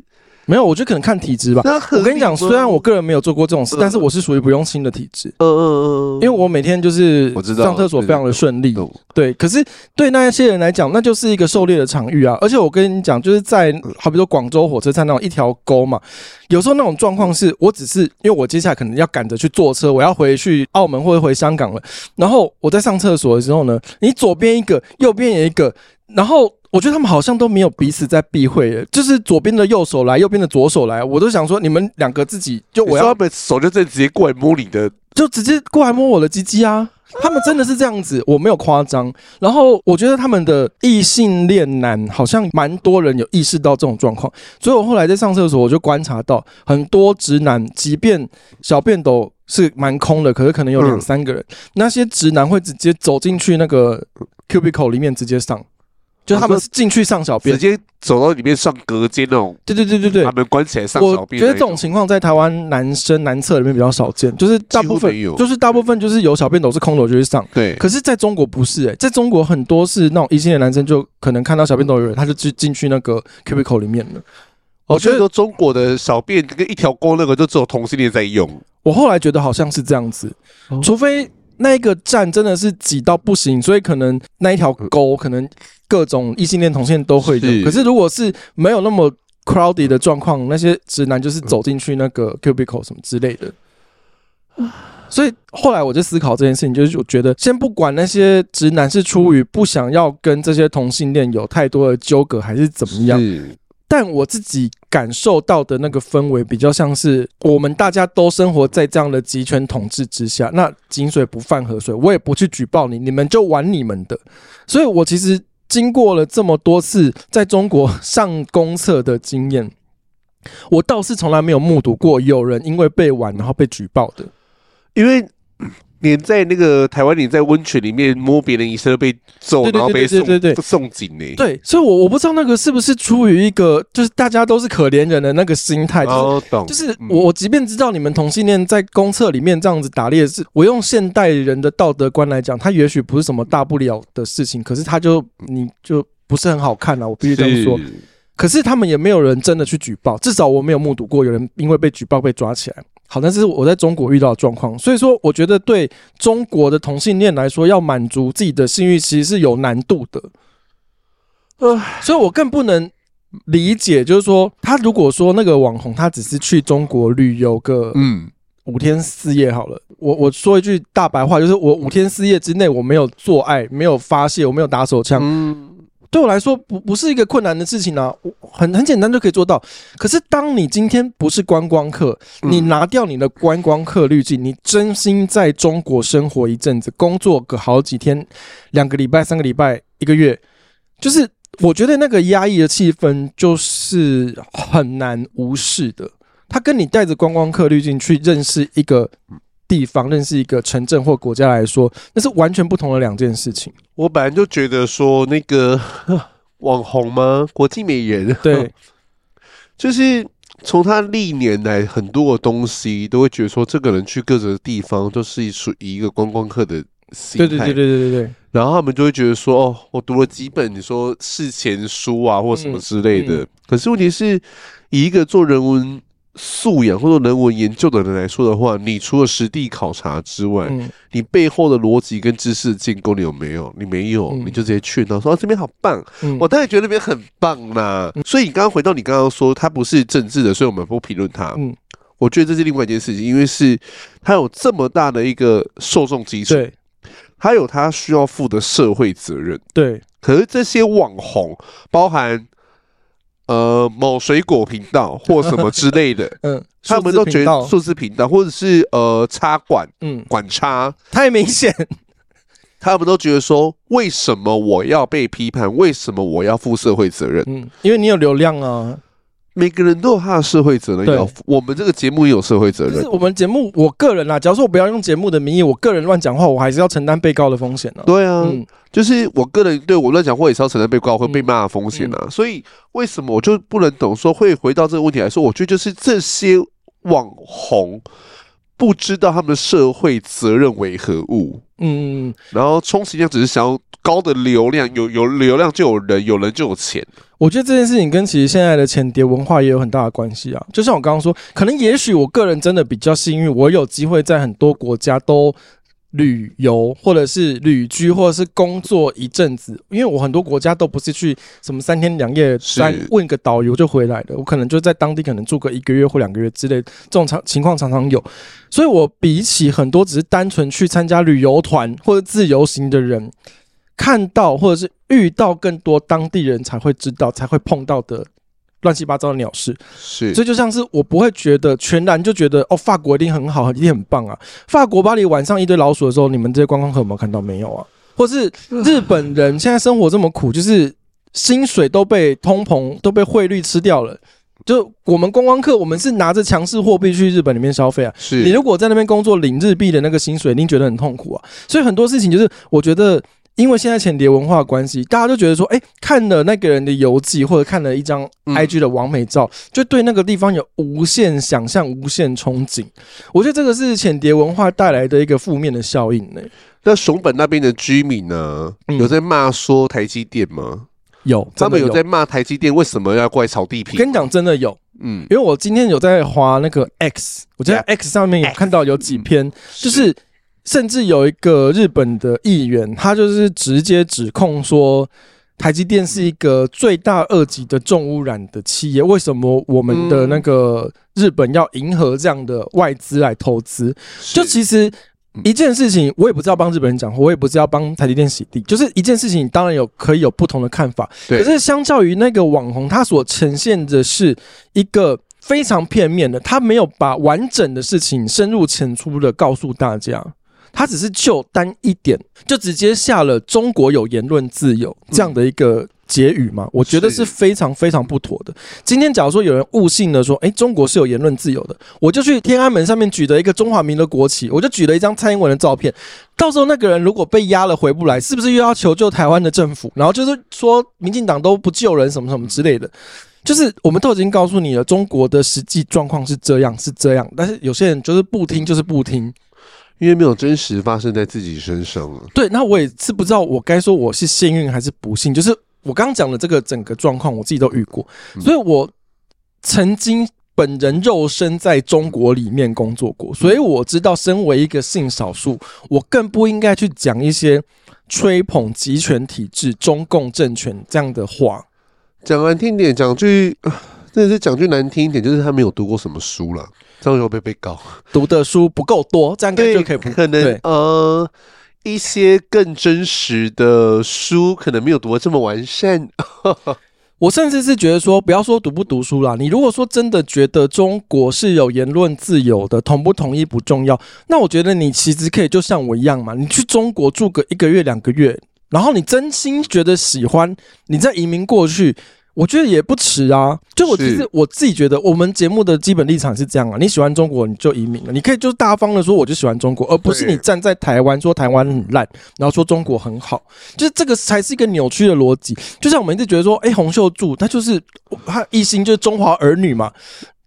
沒有，我覺得可能看體質吧。我跟你講，雖然我個人沒有做過這種事，呃、但是我是屬於不用心的體質。呃、因為我每天就是上廁所非常的順利。對，可是對那些人來講，那就是一個狩獵的場域啊。而且我跟你講，就是在好比如說廣州火車站那種一條溝嘛，有時候那種狀況是我只是因為我接下來可能要趕着去坐車，我要回去澳門或者回香港了。然後我在上廁所的時候呢，你左邊一個，右邊也一個，然後。我覺得他們好像都沒有彼此在避諱，就是左邊的右手來，右邊的左手來，我都想說你們兩個自己就我要不手就直接直接過來摸你的，就直接過來摸我的雞雞啊！他們真的是這樣子，我沒有誇張。然後我覺得他們的異性戀男好像蠻多人有意識到這種狀況，所以我後來在上廁所我就觀察到很多直男，即便小便斗是蠻空的，可是可能有兩三個人，嗯、那些直男會直接走進去那個 cubicle 裡面直接上。就他們是進去上小便，啊，直接走到裡面上隔間那種。對對對對對，他們關起來上小便。我覺得這種情況在台灣男生男廁裡面比較少見，就是大部分有，就是大部分就是有小便斗是空斗就去上。對，可是在中國不是哎，欸，在中國很多是那種異性的男生就可能看到小便斗有人，他就去進去那個 cubicle 裡面了。我覺得說中國的小便跟一條溝那個就只有同性戀在用。哦，我後來覺得好像是這樣子，除非。那一個站真的是擠到不行，所以可能那一條溝可能各種異性戀同性都會有。是，可是如果是沒有那麼 crowded 的狀況，那些直男就是走進去那個 cubicle 什麼之類的。所以後來我就思考這件事情，就是我覺得先不管那些直男是出於不想要跟這些同性戀有太多的糾葛還是怎麼樣，是但我自己。感受到的那個氛圍比較像是我們大家都生活在這樣的集權統治之下，那井水不犯河水，我也不去舉報你，你們就玩你們的。所以，我其實經過了這麼多次在中國上公廁的經驗，我倒是從來沒有目睹過有人因為被玩然後被舉報的，因為。你在那個台灣，你在溫泉裡面摸別人隱私被揍，然後被送送警呢、欸？對，所以我，我我不知道那個是不是出於一個就是大家都是可憐人的那個心態，就是我、嗯、我即便知道你們同性戀在公廁裡面這樣子打獵是，嗯、我用現代人的道德觀來講，他也許不是什麼大不了的事情，可是他就你就不是很好看了，我必須這樣說。是可是他們也沒有人真的去舉報，至少我沒有目睹過有人因為被舉報被抓起來。好，像是我在中國遇到的狀況，所以說我覺得對中國的同性戀來說，要滿足自己的性欲其實是有難度的。呃，所以我更不能理解，就是說他如果說那個網紅他只是去中國旅遊個嗯五天四夜好了，我我說一句大白話，就是我五天四夜之內我沒有做愛，沒有發洩，我沒有打手槍。嗯對我來說，不不是一個困難的事情啊，很很簡單就可以做到。可是，當你今天不是觀光客，你拿掉你的觀光客濾鏡，你真心在中國生活一陣子，工作個好幾天、兩個禮拜、三個禮拜、一個月，就是我覺得那個壓抑的氣氛就是很難無視的。他跟你帶着觀光客濾鏡去認識一個。地方認識一個城鎮或國家來說，那是完全不同的兩件事情。我本來就覺得說，那個網紅嗎？國際美人，對，就是從他歷年來很多的東西，都會覺得說，這個人去各個地方都是以以一個觀光客的心態，對對，對對對對對對。然後他們就會覺得說，哦，我讀了幾本你說事前書啊，或什麼之類的。嗯嗯、可是問題是，以一個做人文。素養或者人文研究的人來說的話，你除了實地考察之外，嗯、你背後的邏輯跟知識的建構你有沒有？你沒有，嗯、你就直接勸他說、啊、這邊好棒。嗯、我當然覺得那邊很棒啦。嗯、所以你剛剛回到你剛剛說，他不是政治的，所以我們不評論他。嗯，我覺得這是另外一件事情，因為是他有這麼大的一個受眾基礎，他對有他需要負的社會責任。對，可是這些網紅包含。呃，某水果頻道或什麼之類的，嗯，他們都覺得數字頻道或者是呃插管，嗯，管插太明顯，他們都覺得說，為什麼我要被批判？為什麼我要負社會責任？嗯，因為你有流量啊。每個人都有他的社會責任有，對我們這個節目也有社會責任。我們節目，我個人啊，假如說我不要用節目的名義，我個人亂講話，我還是要承擔被告的風險的、啊。對啊，嗯、就是我個人對我亂講話也是要承擔被告或被罵的風險、啊嗯嗯、所以為什麼我就不能懂說會回到這個問題來說？我覺得就是這些網紅不知道他們的社會責任為何物。嗯，然後充其量只是想要高的流量，有有流量就有人，有人就有錢。我覺得這件事情跟其實現在的淺碟文化也有很大的關係啊。就像我剛剛說，可能也許我個人真的比較幸運，我有機會在很多國家都旅遊，或者是旅居，或者是工作一陣子。因為我很多國家都不是去什麼三天兩夜，來問個導遊就回來的。是我可能就在當地可能住個一個月或兩個月之類，這種常情況常常有。所以，我比起很多只是單純去參加旅游团或者自由行的人。看到或者是遇到更多當地人才會知道，才會碰到的亂七八糟的鳥事，是，所以就像是我不會覺得全然就覺得哦，法國一定很好，一定很棒啊。法國巴黎晚上一堆老鼠的時候，你們這些觀光客有沒有看到沒有啊？或是日本人現在生活這麼苦，就是薪水都被通膨都被匯率吃掉了。就我們觀光客，我們是拿着強勢貨幣去日本裡面消費啊。是你如果在那邊工作領日幣的那個薪水，一定覺得很痛苦啊。所以很多事情就是我覺得。因為現在淺碟文化關係，大家都覺得說，哎、欸，看了那個人的遊記，或者看了一張 IG 的網美照，嗯、就對那個地方有無限想象、無限憧憬。我覺得這個是淺碟文化帶來的一個負面的效應呢、欸。那熊本那邊的居民呢，有在罵說台積電嗎？嗯、有，有他們有在罵台積電為什麼要過來炒地皮？我跟你講，真的有，嗯，因為我今天有在滑那個 X，我在 X 上面有看到有幾篇，yeah, X, 就是。是甚至有一個日本的議員，他就是直接指控說，台積電是一個罪大惡極的重污染的企業。為什麼我們的那個日本要迎合這樣的外資來投資？是就其實一件事情，我也不是要幫日本人講，我也不是要幫台積電洗地。就是一件事情，當然有可以有不同的看法。對可是相較於那個網紅，他所呈現的是一個非常片面的，他沒有把完整的事情深入淺出的告訴大家。他只是就單一點就直接下了“中國有言論自由”這樣的一個結語嘛？嗯，我覺得是非常非常不妥的。是今天假如說有人誤信了說：“誒，中國是有言論自由的”，我就去天安門上面舉了一個中華民國國旗，我就舉了一張蔡英文的照片。到時候那個人如果被押了回不來，是不是又要求救台灣的政府？然後就是說民進黨都不救人什麼什麼之類的。就是我們都已經告訴你了，中國的實際狀況是這樣是這樣，但是有些人就是不聽，就是不聽。因為沒有真實發生在自己身上，對，那我也是不知道，我該說我是幸運還是不幸。就是我剛剛講的這個整個狀況，我自己都遇過，嗯、所以我曾經本人肉身在中國裡面工作過，所以我知道，身為一個性少數，嗯、我更不應該去講一些吹捧極權體制、中共政權這樣的話。講完聽點，講句。這也是講句難聽一點，就是他沒有讀過什麼書了，這樣就被被告讀的書不夠多，這樣根可就可以不對可能。對呃，一些更真實的書可能沒有讀得這麼完善。 我甚至是覺得說，不要說讀不讀書啦。你如果說真的覺得中國是有言論自由的，同不同意不重要，那我覺得你其實可以就像我一樣嘛，你去中國住個一個月、兩個月，然後你真心覺得喜歡，你再移民過去。我覺得也不遲啊，就我其實我自己覺得，我們節目的基本立場是這樣啊。你喜歡中國，你就移民了啊，你可以就是大方的說，我就喜歡中國，而不是你站在台灣說台灣很爛，然後說中國很好，就是這個才是一個扭曲的邏輯。就像我們一直覺得說，哎，洪秀柱他就是他一心就是中華兒女嘛。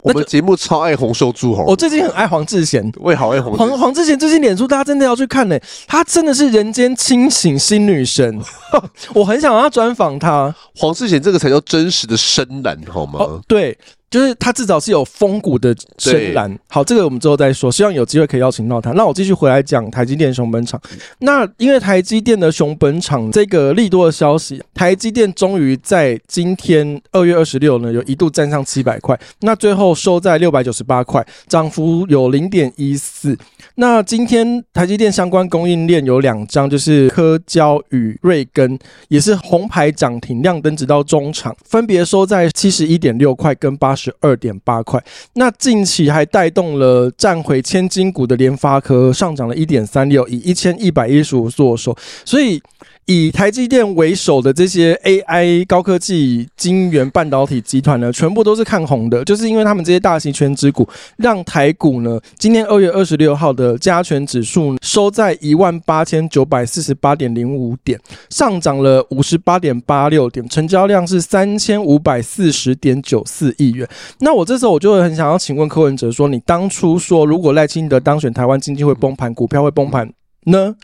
我們節目超愛洪秀柱齁，我最近很愛黃智賢，我也好愛黃。黃黃智賢最近臉書，大家真的要去看呢、欸。他真的是人間清醒新女神，呵呵，我很想要專訪他。黃智賢這個才叫真實的深藍，好嗎？哦、對。就是它至少是有風骨的深藍，對好，這個我們之後再說，希望有機會可以邀請到他。那我繼續回來講台積電熊本廠，那因為台積電的熊本廠這個利多的消息，台積電終於在今天二月二十六呢，有一度站上七百塊，那最後收在六百九十八塊，漲幅有零點一四。那今天台積電相關供應鏈有兩張，就是科交與瑞根，也是紅牌漲停亮燈，直到中場，分別收在七十一點六塊跟八十。十二點八塊，那近期還帶動了站回千金股的聯發科上漲了一點三六，以一千一百一十五作收，所以，以台積電為首的這些 AI 高科技晶圓半導體集團呢，全部都是看紅的，就是因為他們這些大型權值股，讓台股呢，今年二月二十六號的加權指數收在一萬八千九百四十八點零五點，上漲了五十八點八六點，成交量是三千五百四十點九四億元。那我這時候我就很想要請問柯文哲說，你當初說如果賴清德當選，台灣經濟會崩盤，股票會崩盤呢？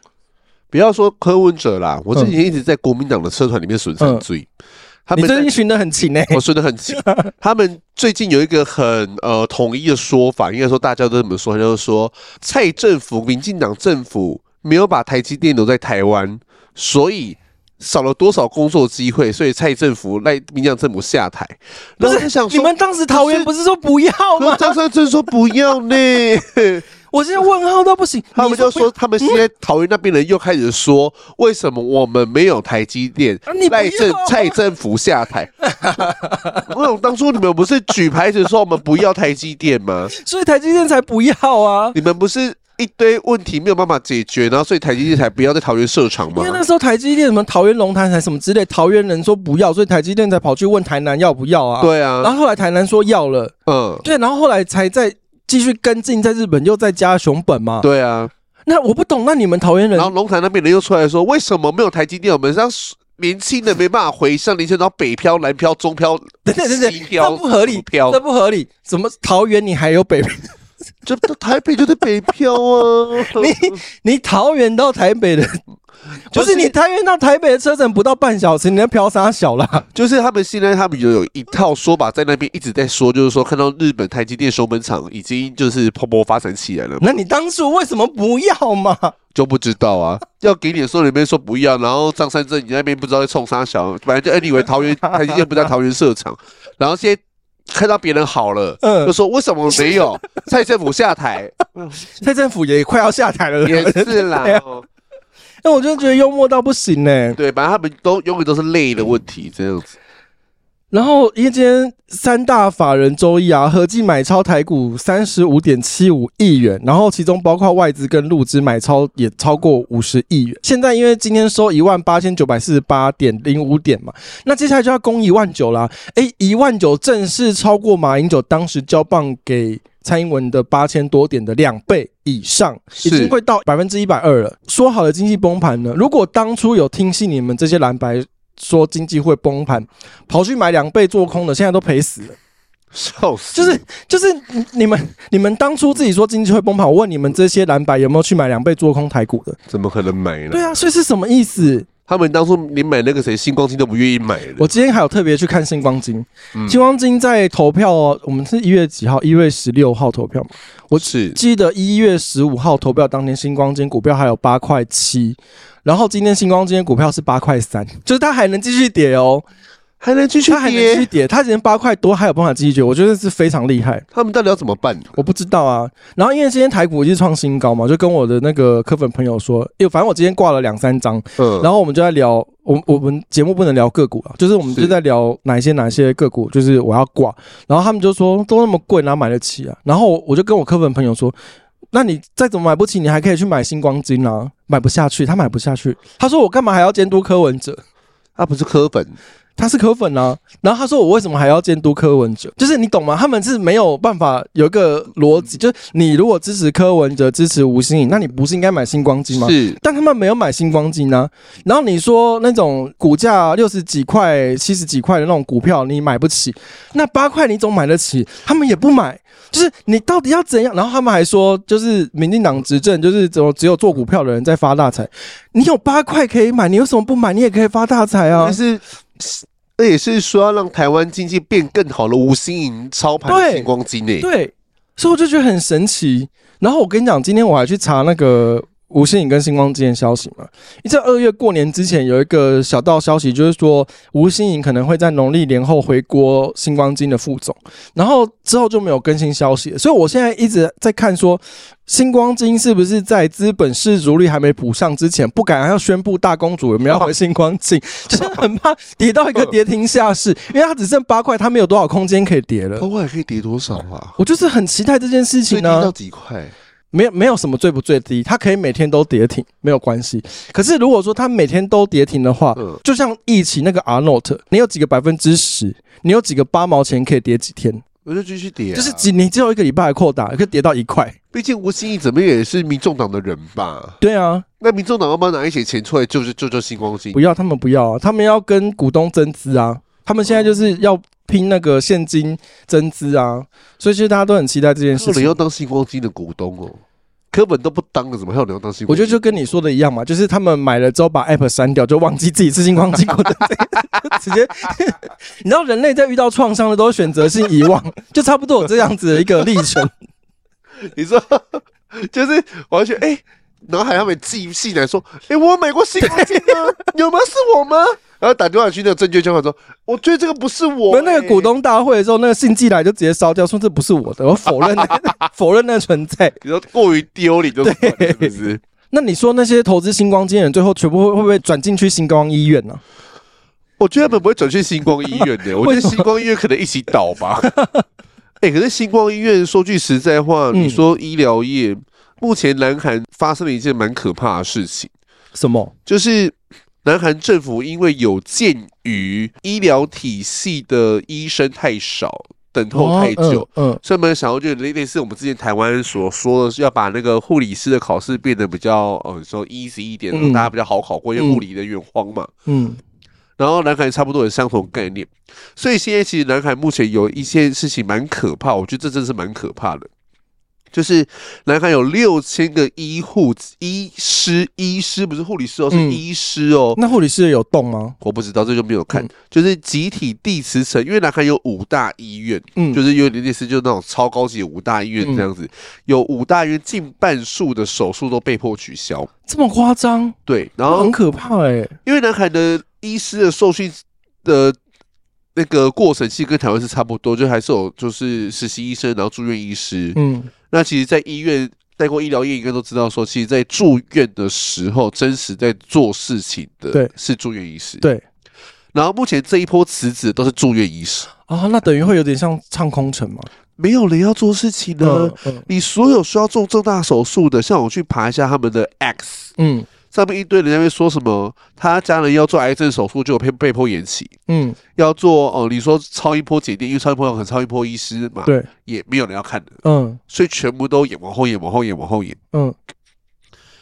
不要說柯文哲啦，我這幾天一直在國民黨的車團裡面損成罪，嗯嗯、他們最近損的很勤誒、欸，我損的很勤。 他們最近有一個很呃統一的說法，應該說大家都這麼說，就是說蔡政府、民進黨政府沒有把台積電留在台灣，所以少了多少工作機會，所以蔡政府賴民進黨政府下台。然後我想說你們當時桃園不是說不要嗎？張善政說不要呢、欸。 我現在問號都不行，他們就說他們現在桃園那邊人又開始說，為什麼我們沒有台積電？拜不、嗯、蔡政府下台，那種當初你們不是舉牌子說我們不要台積電嗎？所以台積電才不要啊！你們不是一堆問題沒有辦法解決，然後所以台積電才不要在桃園設廠嗎？因為那時候台積電什麼桃園、龍潭才什麼之類，桃園人說不要，所以台積電才跑去問台南要不要啊？對啊，然後後來台南說要了，嗯，對，然後後來才在。繼續跟進，在日本又在加熊本嘛？對啊，那我不懂，那你們桃園人，然後龍潭那邊人又出來說，為什麼沒有台積電？我們讓年輕的沒辦法回，像年輕人北漂、南漂、中漂、漂，等等等等，這不合理，這漂不合理，怎麼桃園你還有北漂？ 就到台北就在北漂啊 你，你你桃園到台北的，就是，是你桃園到台北的車程不到半小時，你那飄啥小了？就是他們現在他們有有一套說法，在那邊一直在說，就是說看到日本台積電熊本廠，已經就是蓬勃發展起來了。那你當初為什麼不要嘛？就不知道啊，要給你說，你沒說不要，然後張善政你那邊不知道在衝啥小，本來就你以為桃園台積電不在桃園設廠， 然後現在。看到別人好了，嗯，就說為什麼沒有蔡政府下台？ 蔡政府也快要下台了，也是啦。哎，我真的覺得幽默到不行呢，欸。對，反正他們都永遠都是累的問題，這樣子。然後，因為今天三大法人周一啊，合計買超台股三十五點七五億元，然後其中包括外資跟陸資買超也超過五十億元。現在因為今天收一萬八千九百四十八點零五點嘛，那接下來就要攻一萬九啦，哎，一萬九正式超過馬英九當時交棒給蔡英文的八千多點的兩倍以上，是已經會到百分之一百二了。說好的經濟崩盤呢？如果當初有聽信你們這些藍白。說經濟會崩盤，跑去買兩倍做空的，現在都賠死了，笑死、就是！就是就是你們你們當初自己說經濟會崩盤，我問你們這些藍白有沒有去買兩倍做空台股的？怎麼可能沒呢？對啊，所以是什麼意思？他們當初連買那個誰新光金都不願意買。我今天還有特別去看新光金，新光金在投票，我們是一月幾號？一月十六號投票。我只記得一月十五號投票當天，新光金股票還有八塊七，然後今天新光金的股票是八塊三，就是它還能繼續跌哦。還能繼續跌，他能他今天八塊多還有辦法繼續跌，我覺得是非常厲害。他們到底要怎麼辦？我不知道啊。然後因為今天台股一直創新高嘛，就跟我的那個柯粉朋友說，因為反正我今天掛了兩三張，嗯，然後我們就在聊，我們我們節目不能聊個股啊，就是我們就在聊哪一些哪一些個股，就是我要掛，然後他們就說都那麼貴，哪買得起啊？然後我就跟我柯粉朋友說，那你再怎麼買不起，你還可以去買新光金啊，買不下去，他買不下去，他，去他說我幹嘛還要監督柯文哲？他、啊、不是柯粉。他是柯粉啊，然後他說我為什麼還要監督柯文哲？就是你懂嗎？他們是沒有辦法有一個邏輯，就是你如果支持柯文哲、支持吳欣盈，那你不是應該買新光金嗎？是，但他們沒有買新光金呢。然後你說那種股價六十幾塊、七十幾塊的那種股票你買不起，那八塊你總買得起，他們也不買。就是你到底要怎樣？然後他們還說，就是民進黨執政，就是只只有做股票的人在發大財。你有八塊可以買，你有什麼不買？你也可以發大財啊。但是。這也是說要讓台灣經濟變更好的吳欣盈操盤的新光金內、欸、對，對，所以我就覺得很神奇。然後我跟你講，今天我還去查那個。吳欣盈跟新光金的消息嘛。因為在二月過年之前有一個小道消息，就是說吳欣盈可能會在農曆年後回鍋新光金的副總，然後之後就沒有更新消息了。所以我現在一直在看，說新光金是不是在資本適足率還沒補上之前，不敢要宣布大公主有沒有要回新光金，啊、就是很怕跌到一個跌停下市，因為它只剩八塊，它沒有多少空間可以跌了。八塊可以跌多少啊。我就是很期待這件事情呢。跌到幾塊？沒有，沒有什麼最不最低，他可以每天都跌停，沒有關係。可是如果說他每天都跌停的話，嗯，就像疫情那個阿諾特，你有幾個百分之十，你有幾個八毛錢可以跌幾天，我就繼續跌啊。就是幾，你最後一個禮拜擴大，可以跌到一塊。畢竟吳欣盈怎麼也是民眾黨的人吧？對啊，那民眾黨要不要拿一些錢出來救救救救新光金？不要，他們不要啊，他們要跟股東增資啊。他們現在就是要拼那個現金增資啊，所以其實大家都很期待這件事情。你要當新光金的股東哦？根本都不當了，怎麼還要你要當，我覺得就跟你說的一樣嘛，就是他們買了之後把 App 刪掉，就忘記自己是新光金股的。 直接，你知道人類在遇到創傷的都選擇性遺忘，就差不多有這樣子的一個歷程。 你說，就是完全哎，欸、然後還要沒記性來說，哎、欸，我買過新光金嗎？欸、有嗎？是我嗎？ 然後打電話去那個證券交易所說，我覺得這個不是我、欸不是。那那個股東大會的時候，那個信寄來就直接燒掉，說這不是我的，我否認、那個、 否認那個存在。你說過於丟臉，就是不是對，那你說那些投資新光金的人，最後全部會不會轉進去新光醫院呢、啊？我覺得他們不會轉去新光醫院的、欸，我覺得新光醫院可能一起倒吧。哎 麼、欸，可是新光醫院，說句實在話，嗯、你說醫療業目前南韓發生了一件蠻可怕的事情，什麼？就是。南韓政府因為有鑒於醫療體系的醫生太少，等候太久，哦呃、所以我們想要就類似我們之前台灣所說的，是要把那個護理師的考試變得比較，嗯、哦，說 easy 一點，大家比較好考過，嗯、因為護理人員荒嘛，嗯、然後南韓差不多有相同概念，所以現在其實南韓目前有一些事情蠻可怕，我覺得這真的是蠻可怕的。就是南韓有六千個醫護醫師，醫師不是護理師哦，嗯、是醫師哦。那護理師有動嗎？我不知道，這就沒有看。嗯、就是集體地辭職，因為南韓有五大醫院，嗯，就是有點類似，就是那種超高級的五大醫院這樣子，嗯、有五大醫院近半數的手術都被迫取消，這麼誇張？對，然後很可怕哎、欸。因為南韓的醫師的受訓的，那個過程其實跟台灣是差不多，就還是有就是實習醫生，然後住院醫師，嗯。那其實，在醫院待過醫療業應該都知道說，說其實，在住院的時候，真實在做事情的對是住院醫師。對。然後，目前這一波辭職的都是住院醫師啊，那等於會有點像唱空城嗎？嗯、沒有人要做事情的，嗯嗯、你所有需要做重大手術的，像我去爬一下他們的 X。嗯。上面一堆人在那邊說什麼？他家人要做癌症手術，就有被被迫延期。嗯，要做哦、呃，你說超音波檢定，因為超音波有很超音波醫師嘛，對，也沒有人要看的。嗯，所以全部都演往後演，往後演，往後演。嗯，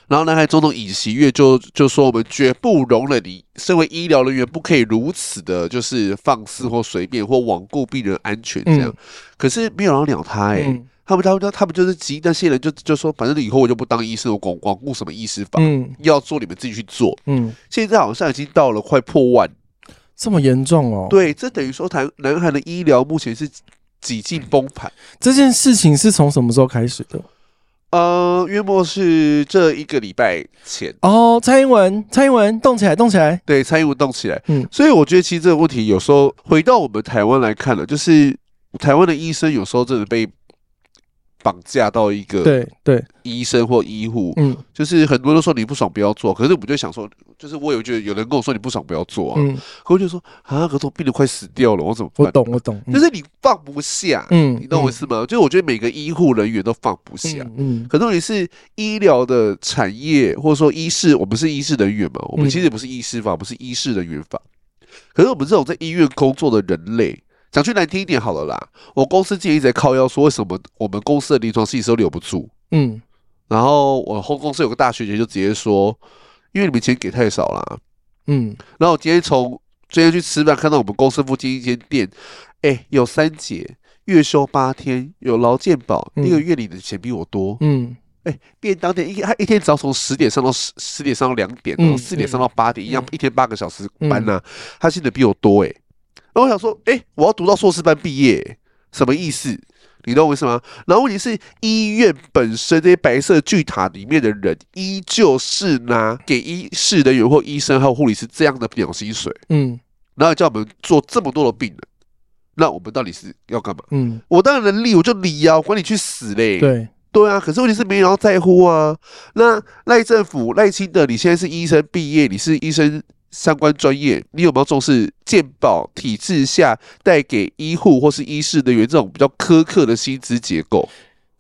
然後呢，還總統尹錫悅就就說，我們絕不容忍你身為醫療人員，不可以如此的，就是放肆或隨便或罔顧病人安全這樣。嗯、可是沒有人鳥他哎、欸。嗯他們、他們、他們就是急，那些人就就說，反正以後我就不當醫生，我光管顧什麼醫師法，嗯、要做你們自己去做。嗯，現在好像已經到了快破萬，這麼嚴重哦？對，這等於說台南韓的醫療目前是幾近崩盤、嗯。這件事情是從什麼時候開始的？呃，約莫是這一個禮拜前哦。蔡英文，蔡英文動起來，動起來。對，蔡英文動起來。嗯，所以我覺得其實這個問題有時候回到我們台灣來看呢，就是台灣的醫生有時候真的被。綁架到一個醫生或醫護，就是很多人都說，你不爽不要做，嗯、可是我們就想說，就是我有覺得有人跟我說你不爽不要做啊，嗯，可我就說啊，可是我病都快死掉了，我怎麼辦？我懂我懂，我懂嗯、就是你放不下，嗯，你懂我意思嗎？嗯、就是我覺得每個醫護人員都放不下，嗯，可能你是醫療的產業，或者說醫師，我們是醫事人員嘛，我們其實不是醫師法，嗯、不是醫事人員法，嗯、可是我們這種在醫院工作的人類。講句難聽一點好了啦，我公司竟然一直在靠腰說為什麼我們公司的臨床醫生都留不住。嗯，然後我後公司有個大學姐就直接說，因為你們錢給太少了。嗯，然後我今天從今天去吃飯看到我們公司附近一間店，哎，有三節，月休八天，有勞健保，那、嗯、個月裡的錢比我多。嗯，哎，便當店一個他一天只要從十點上到十十點上到兩點，從四點上到八點，嗯、一樣一天八個小時班呢、啊，嗯、他現在比我多哎、欸。我想說，哎、欸，我要讀到碩士班畢業，什麼意思？你懂我意思嗎？然後問題是，醫院本身這些白色巨塔裡面的人，依舊是拿給醫事人員或醫生還有護理師這樣的養薪水。嗯，然後叫我們做這麼多的病人，那我們到底是要幹嘛？嗯，我當然能力，我就理呀、啊，我管你去死嘞。對，對啊。可是問題是，沒人要在乎啊。那賴政府、賴清德，你現在是醫生畢業，你是醫生。相關專業，你有沒有重視健保體制下帶給醫護或是醫師人員這種比較苛刻的薪資結構？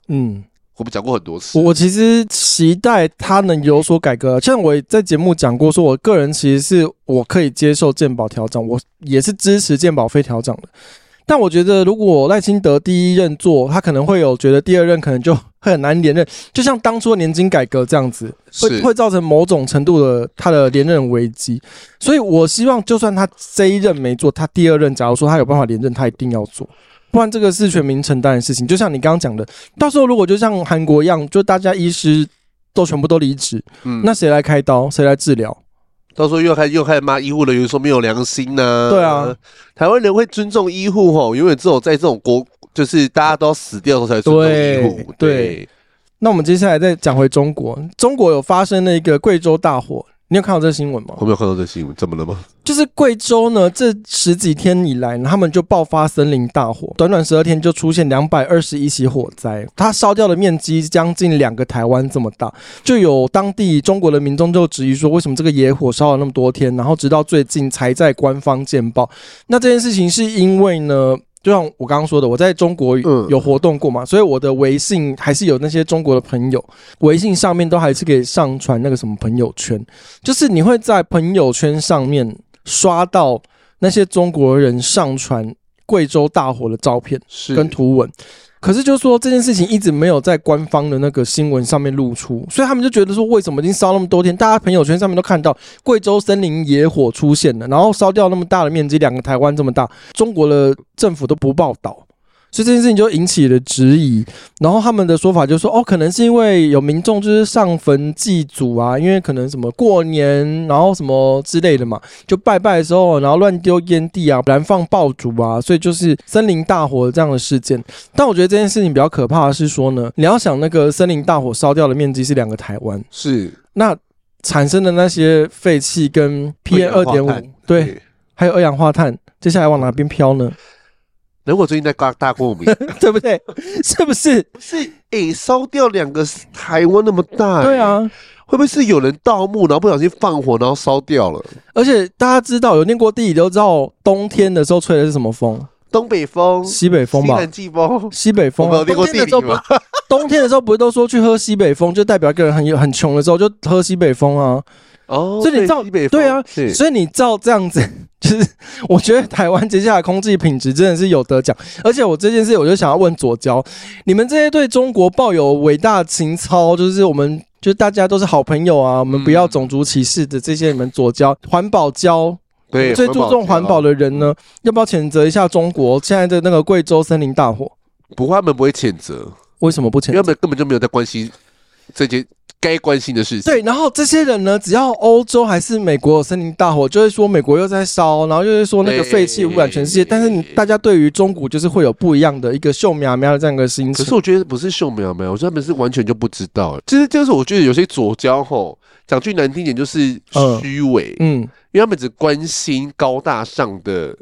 嗯，我們講過很多次。我其實期待他能有所改革，像我在節目講過，說我個人其實是我可以接受健保調整，我也是支持健保費調整的。但我覺得，如果賴清德第一任做，他可能會有覺得第二任可能就。會很難連任，就像當初年金改革這樣子，會會造成某種程度的他的連任危機。所以我希望，就算他這一任沒做，他第二任，假如說他有辦法連任，他一定要做，不然這個是全民承擔的事情。就像你剛剛講的，到時候如果就像韓國一樣，就大家醫師都全部都離職，嗯，那誰來開刀，誰來治療？到時候又害又害罵醫護人員說沒有良心吶、啊。對啊，呃、台灣人會尊重醫護吼，因為只有在這種國，就是大家都要死掉的時候才尊重醫護。對，對對，那我們接下來再講回中國，中國有發生了一個貴州大火。你有看到這個新聞嗎？我沒有看到這個新聞，怎麼了嗎？就是貴州呢，這十幾天以來，他們就爆發森林大火，短短十二天就出現兩百二十一起火災，它燒掉的面積將近兩個台灣這麼大，就有當地中國的民眾就質疑說，為什麼這個野火燒了那麼多天，然後直到最近才在官方見報。那這件事情是因為呢？就像我剛剛說的，我在中國有活動過嘛，嗯，所以我的微信還是有那些中國的朋友，微信上面都還是可以上傳那個什麼朋友圈，就是你會在朋友圈上面刷到那些中國人上傳貴州大火的照片跟圖文。可是，就是說這件事情一直沒有在官方的那個新聞上面露出，所以他們就覺得說，為什麼已經燒那麼多天，大家朋友圈上面都看到貴州森林野火出現了，然後燒掉那麼大的面積，兩個台灣這麼大，中國的政府都不報道。所以這件事情就引起了質疑，然後他們的說法就是說，哦，可能是因為有民眾就是上墳祭祖啊，因為可能什麼過年，然後什麼之類的嘛，就拜拜的時候，然後亂丟菸蒂啊，燃放爆竹啊，所以就是森林大火這樣的事件。但我覺得這件事情比較可怕的是說呢，你要想那個森林大火燒掉的面積是兩個台灣，是。那產生的那些廢氣跟 P M 二點五，對，對還有二氧化碳，接下來往哪邊飄呢？如果我最近在颳大過敏， 對不對？是不是？不是，誒、欸，燒掉兩個台灣那麼大、欸，對啊，會不會是有人盜墓然後不小心放火然後燒掉了？而且大家知道有念過地理都知道，冬天的時候吹的是什麼風？東北風、西北風吧？西南季風，西北風、啊。冬天的時候，冬天的時候不是 都說去喝西北風，就代表一個人很很窮的時候就喝西北風啊。哦，oh, 所以你照對啊，是所以你照這樣子，就是我覺得台灣接下來的空氣品質真的是有得講。嗯、而且我這件事，我就想要問左膠，你們這些對中國抱有偉大的情操，就是我們就是、大家都是好朋友啊，我們不要種族歧視的這些，你們左膠環、嗯、保膠，對最注重環保的人呢，啊、要不要譴責一下中國現在的那個貴州森林大火？不，他們不會譴責，為什麼不譴責？因為根本就沒有在關心這件。該關心的事情對，然後這些人呢，只要歐洲還是美國有森林大火，就會、是、說美國又在燒，然後又是說那個廢氣污染，全世界。欸欸欸欸欸，但是你大家對於中國就是會有不一樣的一個秀苗苗的這樣一個心思。可是我覺得不是秀苗苗，我覺得他們是完全就不知道。其實就是我覺得有些左膠吼，講句難聽點就是虛偽，嗯，嗯，因為他們只關心高大上的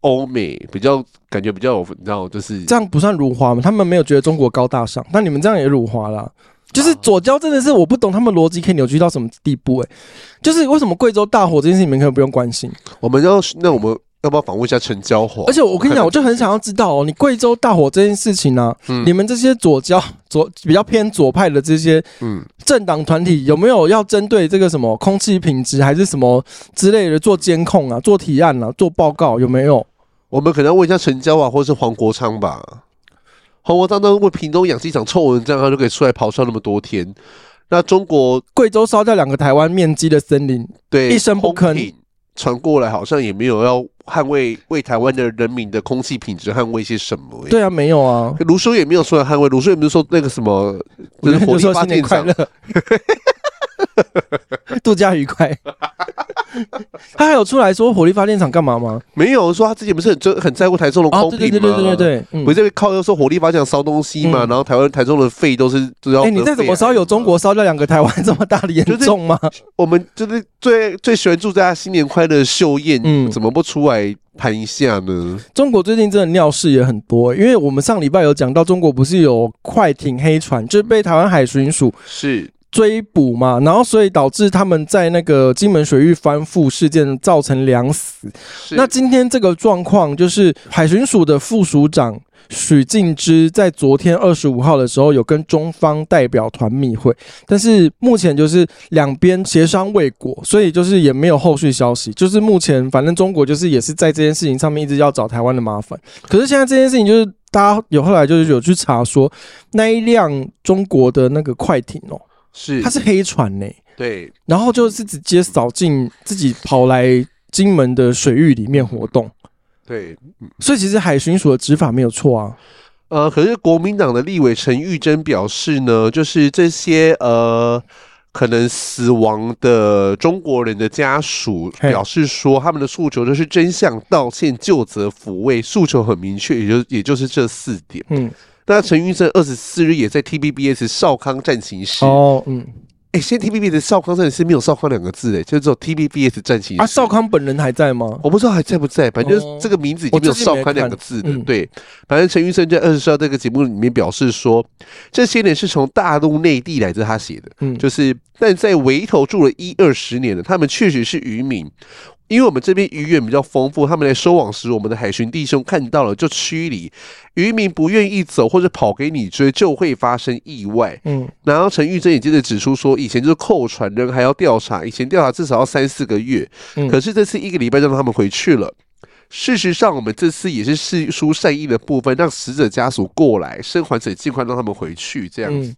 歐美，比較感覺比較有你知道，就是這樣不算辱華嘛，他們沒有覺得中國高大上，但你們這樣也辱華啦。就是左膠真的是我不懂他們邏輯可以扭曲到什麼地步哎、欸，就是為什麼貴州大火這件事情你們可以不用關心？我們要那我們要不要訪問一下陳椒華？而且我跟你講，我就很想要知道哦，你貴州大火這件事情呢、啊，你們這些左膠左比較偏左派的這些嗯政黨團體有沒有要針對這個什麼空氣品質還是什麼之類的做監控啊、做提案啊、做報告有沒有？我們可能要問一下陳椒啊，或者是黃國昌吧。慌慌張張為屏東養雞場臭聞，這樣他就可以出來咆哮那麼多天。那中國貴州燒掉兩個台灣面積的森林，對，一聲不吭。傳過來好像也沒有要捍衛為、為台灣的人民的空氣品質捍衛些什麼。對啊，沒有啊。盧修也沒有出來捍衛，盧書也沒有說那個什麼，就是火是八年快樂。 嗯 度假愉快。 他還有出來說火力發電廠幹嘛嗎？沒有說他自己不是很很在乎台中的空氣嗎、啊？對對對對對對對，嗯、不是靠說火力發電廠燒東西嘛？嗯、然後台灣台中的肺都是都要。哎、欸，你在怎麼燒有中國燒掉兩個台灣這麼大的嚴重嗎？就是、我們就是最最喜歡祝大家新年快樂秀燕，秀燕，嗯，怎麼不出來談一下呢、嗯？中國最近真的尿事也很多、欸，因為我們上禮拜有講到中國不是有快艇黑船，就是被台灣海巡署、嗯、是。追捕嘛，然後所以導致他們在那個金門水域翻覆事件造成兩死。是那今天這個狀況就是海巡署的副署長許靜芝在昨天二十五號的時候有跟中方代表團密會，但是目前就是兩邊協商未果，所以就是也沒有後續消息。就是目前反正中國就是也是在這件事情上面一直要找台灣的麻煩。可是現在這件事情就是大家有後來就是有去查說那一輛中國的那個快艇哦、喔。是，他是黑船呢、欸，對，然後就是直接掃進自己跑來金門的水域裡面活動，對，所以其實海巡署的執法沒有錯啊，呃，可是國民黨的立委陳玉珍表示呢，就是這些呃，可能死亡的中國人的家屬表示說，他們的訴求就是真相、道歉、究責、撫慰，訴求很明確，也就也就是這四點，嗯。那陳玉生二十四日也在 T B B S《少康戰情室。哦，嗯，誒、欸，先 T B B S《少康戰情是沒有“少康”兩個字誒，就只有 T B B S《戰情室》啊，少康本人還在嗎？我不知道還在不在，反正這個名字已經沒有“少康”兩個字了。嗯、對，反正陳玉生在二十四號這個節目裡面表示說，這些年是從大陸內地來，自他寫的，嗯，就是但在圍頭住了一二十年了，他們確實是漁民。因為我們這邊漁源比較豐富，他們來收網時，我們的海巡弟兄看到了就驅離，漁民不願意走或者跑給你追，就會發生意外。嗯、然後陳玉珍也接着指出說，以前就是扣船人還要調查，以前調查至少要三四個月，嗯、可是這次一個禮拜讓他們回去了。事實上，我們這次也是釋出善意的部分，讓死者家屬過來，生還者盡快讓他們回去，這樣子。嗯、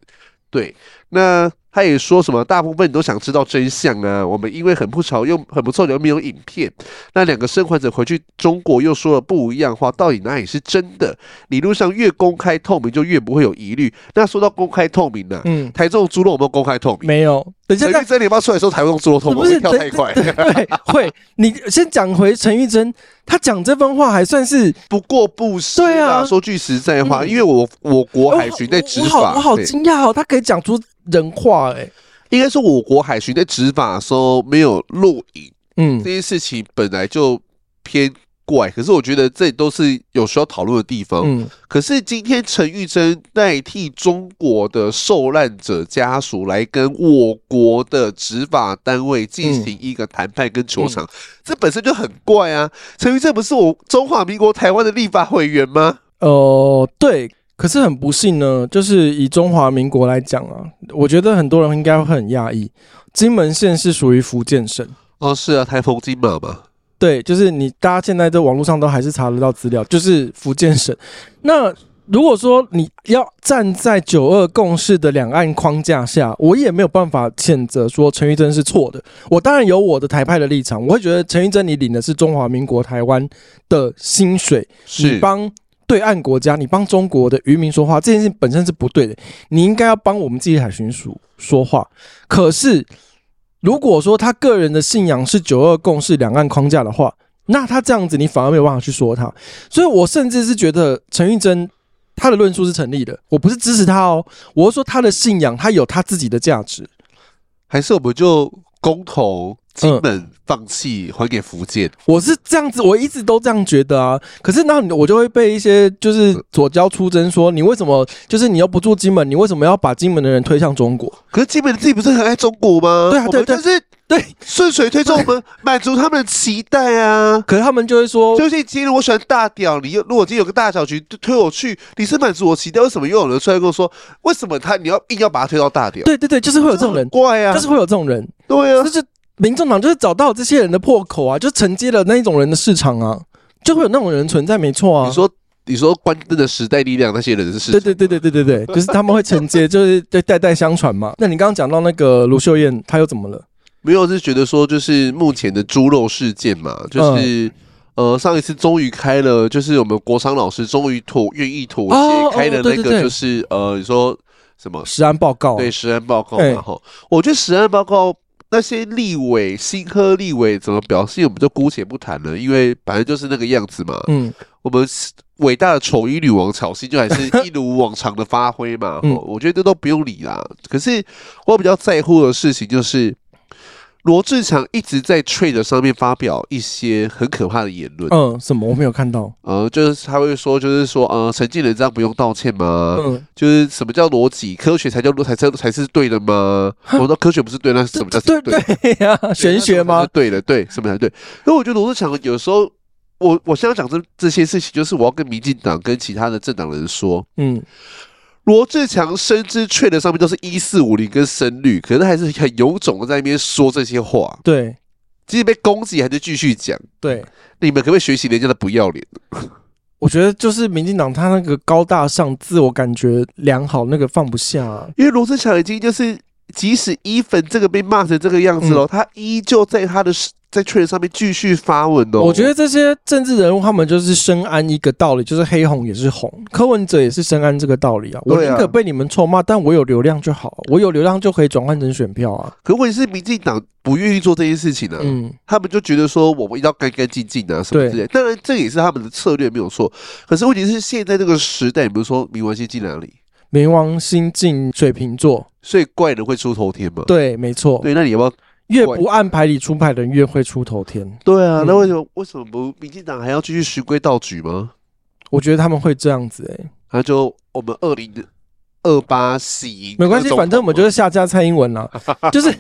對，那。他也說什麼？大部分人都想知道真相呢、啊，我們因為很不潮，又很不錯，又沒有影片。那兩個生還者回去中國又說了不一樣話，到底哪裡是真的？理論上越公開透明就越不會有疑慮。那說到公開透明呢、啊？嗯，台中豬肉有沒有公開透明？沒有。等一下，陳玉珍你發出來說台中豬肉透明，不是？跳太快對。對，對 會。你先講回陳玉珍，他講這番話還算是不過不失啊對啊。說句實在話，嗯、因為我我國海巡對執法我，我好驚訝哦，喔、對他可以講出人話、啊。應該說，我國海巡在執法的時候沒有錄影，嗯，這件事情本來就偏怪。可是我覺得這都是有需要討論的地方。嗯，可是今天陳玉珍代替中國的受難者家屬來跟我國的執法單位進行一個談判跟磋商，嗯嗯，這本身就很怪啊！陳玉珍不是我中華民國台灣的立法委員嗎？哦，呃，對。可是很不幸呢，就是以中華民國來講啊，我覺得很多人應該會很訝異，金門縣是屬於福建省哦，是啊，台風金馬吧？對，就是你大家現在在網絡上都還是查得到資料，就是福建省。那如果說你要站在九二共識的兩岸框架下，我也沒有辦法譴責說陳玉珍是錯的。我當然有我的台派的立場，我會覺得陳玉珍你領的是中華民國台灣的薪水，是幫，你對岸國家，你幫中國的漁民說話這件事本身是不對的，你應該要幫我們自己海巡署說話。可是，如果說他個人的信仰是九二共識、兩岸框架的話，那他這樣子，你反而沒有辦法去說他。所以，我甚至是覺得陳玉珍他的論述是成立的。我不是支持他哦，我是說他的信仰，他有他自己的價值。還是我們就公投？金門放棄還給福建。嗯，我是這樣子，我一直都這樣覺得啊。可是那我就會被一些就是左膠出征說，你為什麼就是你又不做金門，你為什麼要把金門的人推向中國？可是金門的自己不是很愛中國嗎？對啊，對，就是對，順水推舟我們滿足他們的期待啊。可是他們就會說，最近金門我喜歡大屌，你如果今天有個大小局，就推我去，你是滿足我期待，為什麼又有人出來跟我說，為什麼他你要硬要把他推到大屌？對對對，就是會有這種人這怪啊，就是會有這種人，對啊，就是。民眾黨就是找到這些人的破口啊，就承接了那一種人的市場啊，就會有那種人存在，沒錯啊。你說，你說關燈的時代力量，那些人是市場？對對對對對對對， 就是他們會承接，就是對代代相傳嘛。 那你剛剛講到那個盧秀燕，他又怎麼了？沒有，我是覺得說，就是目前的豬肉事件嘛，就是、嗯、呃，上一次終於開了，就是我們國昌老師終於妥願意妥協、哦、開了那個，就是呃，你說什麼食安報告？對，食安報告。欸、然後我覺得食安報告。那些立委，新科立委怎麼表示，我們就姑且不談了，因為反正就是那個樣子嘛。嗯，我們偉大的醜衣女王喬欣就還是一如往常的發揮嘛。嗯，我覺得這都不用理啦。可是我比較在乎的事情就是。羅智強一直在 trade 上面發表一些很可怕的言論。嗯，什麼我沒有看到？呃、嗯，就是他會說，就是說，呃，陳建仁這樣不用道歉嗎？嗯，就是什麼叫邏輯？科學才叫才才才是對的嗎？我說呵、哦、科學不是對，那是什麼叫對？對呀，玄學嗎？對的，對，什麼才對？因為我覺得羅智強有時候，我我現在講這這些事情，就是我要跟民進黨跟其他的政黨人說，嗯。羅智強深知券的上面都是1450跟深綠，可是還是很有種的在那邊說這些話。對，即使被攻擊，還是繼續講。對，你們可不可以學習人家的不要臉？我覺得就是民進黨他那個高大上、自我感覺良好，那個放不下啊。因為羅智強已經就是。即使伊粉這個被罵成這個樣子嘍，嗯、他依舊在他的在圈上面繼續發文哦。我覺得這些政治人物他們就是深諳一個道理，就是黑紅也是紅，柯文哲也是深諳這個道理啊。啊我寧可被你們臭罵，但我有流量就好，我有流量就可以轉換成選票啊。可問題是民進黨不願意做這些事情啊，嗯、他們就覺得說我們一定要乾乾淨淨啊什麼之類。對當然這也是他們的策略沒有錯，可是問題是現在這個時代，比如說明文先進來了。冥王星進水瓶座，所以怪人會出頭天嘛？對，沒錯。對，那你要不要越不按牌理出牌的人越會出頭天？對啊，那為什麼、嗯、為什麼不民進黨還要繼續循規蹈矩嗎？我覺得他們會這樣子哎、欸，那就我們二零的。二八是沒關係，反正我們就是下架蔡英文啦。 就是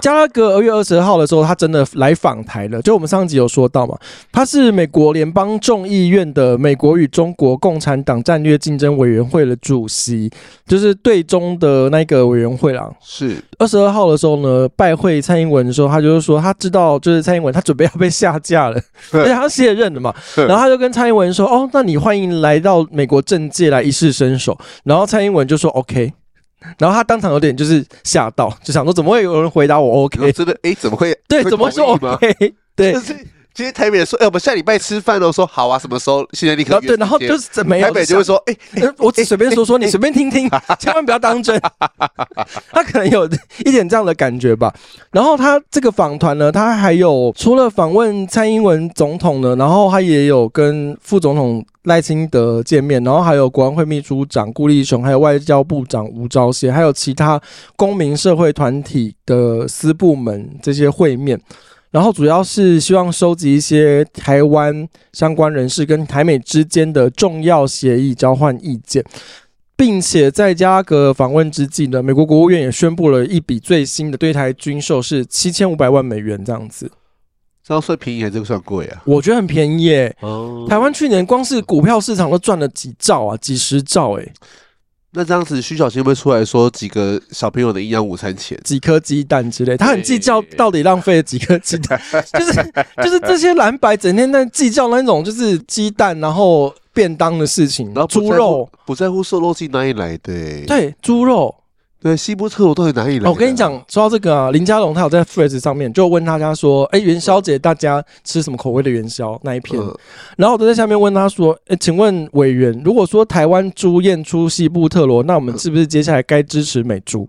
加拉格二月二十二號的時候，他真的來訪台了。就我們上集有說到嘛，他是美國聯邦眾議院的美國與中國共產黨戰略競爭委員會的主席，就是對中的那個委員會啦。是二十二號的時候呢，拜會蔡英文的時候，他就是說他知道，就是蔡英文他準備要被下架了， 而且他卸任了嘛。然後他就跟蔡英文說：“ 哦，那你歡迎來到美國政界來一試身手。”然後蔡英文就說。OK，然後他當場有點就是嚇到，就想說怎麼會有人回答我 OK？我真的哎，怎麼會？對，怎麼說 OK？會 對。就是其實台北人說，哎、欸，我們下禮拜吃飯都說好啊，什麼時候？謝謝立刻、啊、對，然後就是怎麼樣台北就會說，哎，欸欸欸、我只隨便說說，欸、你隨便聽聽，欸、千萬不要當真。 他可能有一點這樣的感覺吧。然後他這個訪團呢，他還有除了訪問蔡英文總統呢，然後他也有跟副總統賴清德見面，然後還有國安會秘書長顧立雄，還有外交部長吳釗燮，還有其他公民社會團體的私部門這些會面。然後主要是希望收集一些台灣相關人士跟台美之間的重要協議、交換意見，並且在加格訪問之際呢，美國國務院也宣布了一筆最新的對台軍售，是七千五百萬美元這樣子。這算便宜還是算貴啊？我覺得很便宜哦、欸。台灣去年光是股票市場都賺了幾兆啊，幾十兆哎、欸。那這樣子，徐小新會，會出來說幾個小朋友的營養午餐錢，幾顆雞蛋之類，他很計較到底浪費了幾顆雞蛋，欸欸欸欸就是就是這些藍白整天在計較那種，就是雞蛋然後便當的事情，然後豬肉不在乎瘦肉精哪裡來的、欸，對豬肉。對，西布特羅到底哪裡來，啊哦，我跟你講，說到這個啊，林佳龍他有在 f r e s e 上面就問大家說：“哎，欸，元宵節大家吃什麼口味的元宵？”那一篇，呃、然後我都在下面問他說：“誒、欸，請問委員，如果說台灣豬驗出西布特羅，那我們是不是接下來該支持美豬，呃？”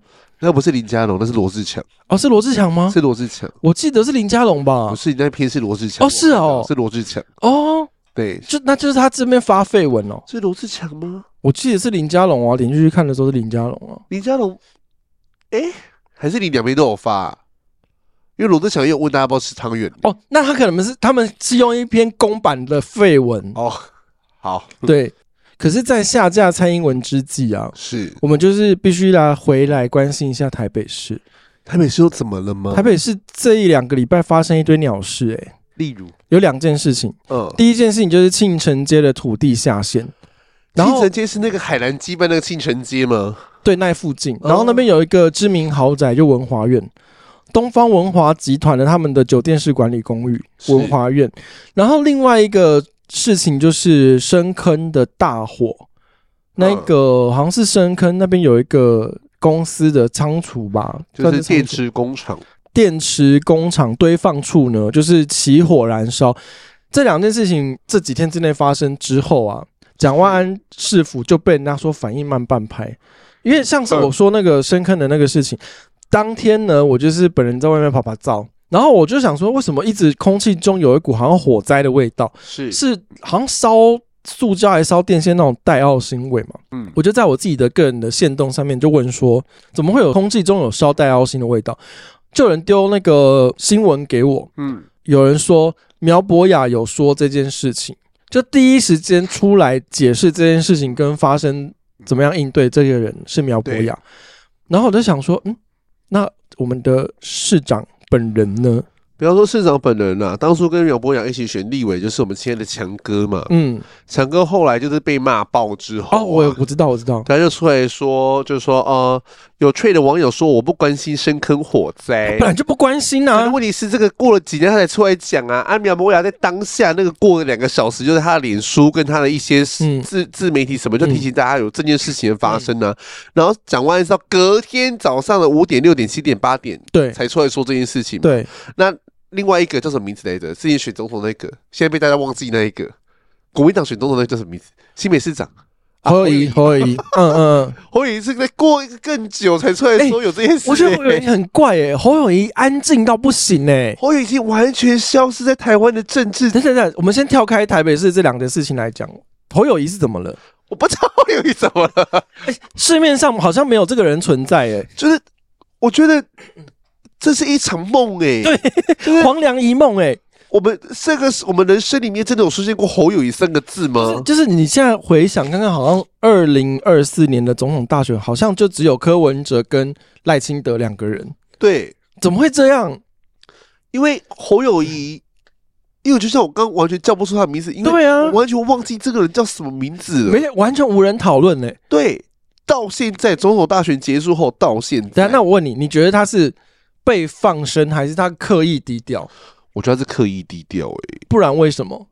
那不是林佳龍，那是羅志強。哦，是羅志強嗎？是羅志強。我記得是林佳龍吧？不是，你那一篇是羅志強。哦，是哦，是羅志強。哦。對，就那就是他這邊發廢文哦，是羅智強嗎？我記得是林佳龍啊，點進去看的時候是林佳龍啊，林佳龍，哎、欸，還是你兩邊都有發、啊？因為羅智強又問大家不要吃湯圓哦，那他可能是他們是用一篇公版的廢文哦，好，對，可是，在下架蔡英文之際啊，是我們就是必須來回來關心一下台北市。台北市又怎麼了嗎？台北市這一兩個禮拜發生一堆鳥事、欸，哎。例如有兩件事情，嗯，第一件事情就是慶城街的土地下陷，然後慶城街是那個海南雞飯那個慶城街嗎？對，那附近，哦、然後那邊有一個知名豪宅，就文華苑，東方文華集團的他們的酒店式管理公寓是文華苑。然後另外一個事情就是深坑的大火，嗯、那一個好像是深坑那邊有一個公司的倉儲吧，就是電池是工廠。電池工廠堆放處呢，就是起火燃燒，這兩件事情這幾天之內發生之後啊，蔣萬安市府就被人家說反應慢半拍。因為上次我說那個深坑的那個事情，嗯、當天呢，我就是本人在外面趴趴走，然後我就想說，為什麼一直空氣中有一股好像火災的味道？是是，是好像燒塑膠還是燒電線那種戴奧辛味嘛？嗯，我就在我自己的個人的限動上面就問說，怎麼會有空氣中有燒戴奧辛的味道？就有人丟那個新聞給我，嗯，有人說苗博雅有說這件事情，就第一時間出來解釋這件事情跟發生怎麼樣應對，這個人是苗博雅，對然後我就想說，嗯，那我們的市長本人呢？比方說市長本人啊，當初跟苗博雅一起選立委，就是我們親愛的強哥嘛。嗯，強哥後來就是被罵爆之後、啊，哦，我我知道，我知道，他就出來說，就是說，呃，有 Trade 的網友說我不關心深坑火災，本來就不關心吶、啊啊。問題是這個過了幾天他才出來講啊，啊苗博雅在當下那個過了兩個小時，就是他的臉書跟他的一些自、嗯、自媒體什麼，就提醒大家有這件事情的發生呢、啊。嗯、然後講完之後，隔天早上的五點、六點、七點、八點，對，才出來說這件事情。對，那。另外一個叫什麼名字來着？是你選總統那個，現在被大家忘記那一個，國民黨選總統的那叫什麼名字？新北市長、啊、侯友宜，侯友宜，嗯嗯，侯友宜 是在過一個更久才出來說、欸、有這件事、欸。我覺得侯友宜很怪哎、欸，侯友宜安靜到不行哎、欸，侯友宜已經完全消失在台灣的政治。等等，等，等我們先跳開台北市這兩件事情來講，侯友宜是怎麼了？我不知道侯友宜怎麼了、欸，市面上好像沒有這個人存在哎、欸，就是 我覺得。這是一場夢哎、欸，對，黃粱一夢哎。我們這個我們人生裡面真的有出現過侯友宜三個字嗎？就是，就是你現在回想，剛剛好像二零二四年的總統大選，好像就只有柯文哲跟賴清德兩個人。對，怎麼會這樣？因為侯友宜，因為就像我剛剛完全叫不出他的名字，因為對啊，完全忘記這個人叫什麼名字了，沒完全無人討論嘞。對，到現在總統大選結束後到現在，那我問你，你覺得他是？被放生還是他刻意低調？我覺得他是刻意低調哎、欸，不然為什麼？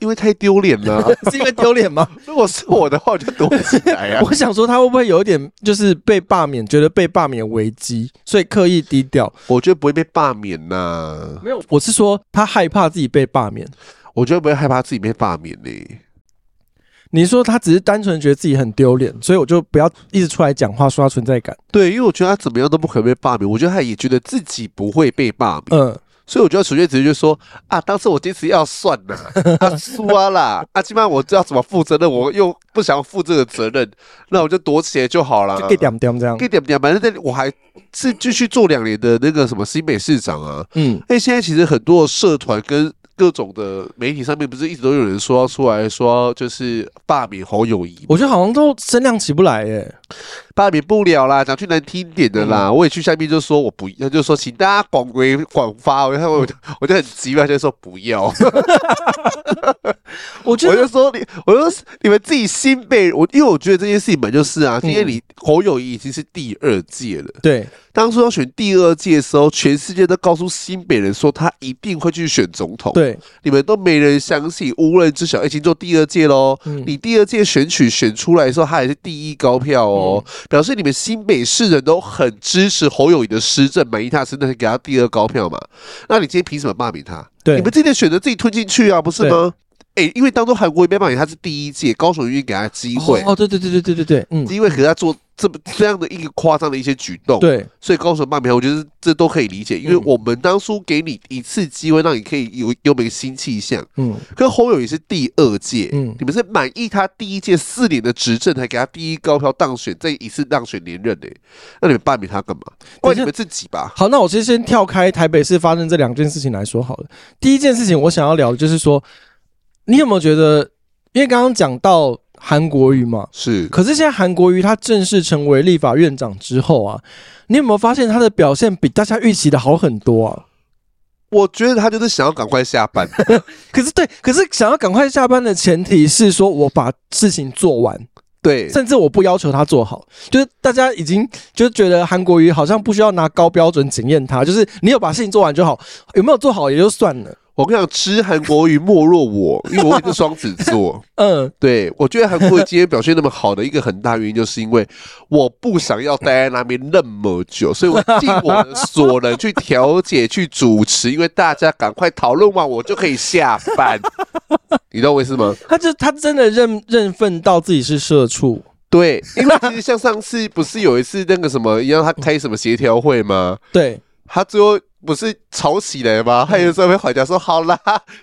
因為太丟臉了， 是因為丟臉嗎？ 如果是我的話，我就躲起來呀、啊。 我想說，他會不會有一點就是被罷免，覺得被罷免危機，所以刻意低調？我覺得不會被罷免吶、啊。沒有，我是說他害怕自己被罷免。我覺得不會害怕自己被罷免嘞、欸。你說他只是單純覺得自己很丟臉，所以我就不要一直出來講話刷存在感。對，因為我覺得他怎麼樣都不可能被罷免，我覺得他也覺得自己不會被罷免。嗯，所以我覺得純粹直接就說：“啊，當時我堅持要算的，他說、 啊、啦，啊，起碼我要怎麼負責任？我又不想負這個責任，那我就躲起來就好了。給點點這樣，給點點，反正我還是繼續做兩年的那個什麼新美市長啊。嗯，哎，現在其實很多社團跟……各種的媒體上面不是一直都有人說要出來說，就是罷免侯友宜，我覺得好像都聲量起不來耶、欸，罷免不了啦，講句難聽點的啦，嗯、我也去下面就說我不要，就說請大家廣為廣發，嗯、我我我就很急嘛，就說不要，我我就說你，我就你們自己新北，我因為我覺得這件事情本來就是啊，今天你、嗯、侯友宜已經是第二屆了，對，當初要選第二屆的時候，全世界都告訴新北人說他一定會去選總統，對。對，你們都沒人相信，無人知曉已經做第二屆嘍。嗯、你第二屆選取選出來的時候，他也是第一高票哦，嗯、表示你們新北市人都很支持侯友宜的施政，滿意他，真的是給他第二高票嘛。那你今天憑什麼罷免他？對，你們今天選擇自己吞進去啊，不是嗎？哎對、欸，因為當中韓國也沒罵你，他是第一屆高雄願意給他機會哦，哦，對對對對對對對，嗯，因為給他做。這麼這樣的一個誇張的一些舉動，對，所以高雄罷免他我覺得這都可以理解，因為我們當初給你一次機會，讓你可以有有沒有個新氣象，嗯，可是侯友也是第二屆，嗯，你們是滿意他第一屆四年的執政，才給他第一高票當選，再一次當選連任的、欸，那你們罷免他幹嘛？怪你們自己吧。好，那我先先跳開台北市發生這兩件事情來說好了。第一件事情，我想要聊的就是說，你有沒有覺得，因為剛剛講到。韓國瑜嘛，是。可是現在韓國瑜他正式成為立法院長之後啊，你有沒有發現他的表現比大家預期的好很多啊？我覺得他就是想要趕快下班。 可是對，可是想要趕快下班的前提是說我把事情做完。對，甚至我不要求他做好，就是大家已經就是覺得韓國瑜好像不需要拿高標準檢驗他，就是你有把事情做完就好，有沒有做好也就算了。我跟你講，吃韓國瑜莫若我，因為我也是雙子座。 嗯，對，我覺得韓國瑜今天表現那麼好的一個很大原因，就是因為我不想要待在那邊那麼久，所以我盡我的所能去調解、去主持，因為大家趕快討論完，我就可以下班。你知道我意思嗎？他就他真的認認分到自己是社畜。對，因為其實像上次不是有一次那個什麼，讓他開什麼協調會嗎？對。他最後不是吵起來嗎？他有時候會回家說：“好啦，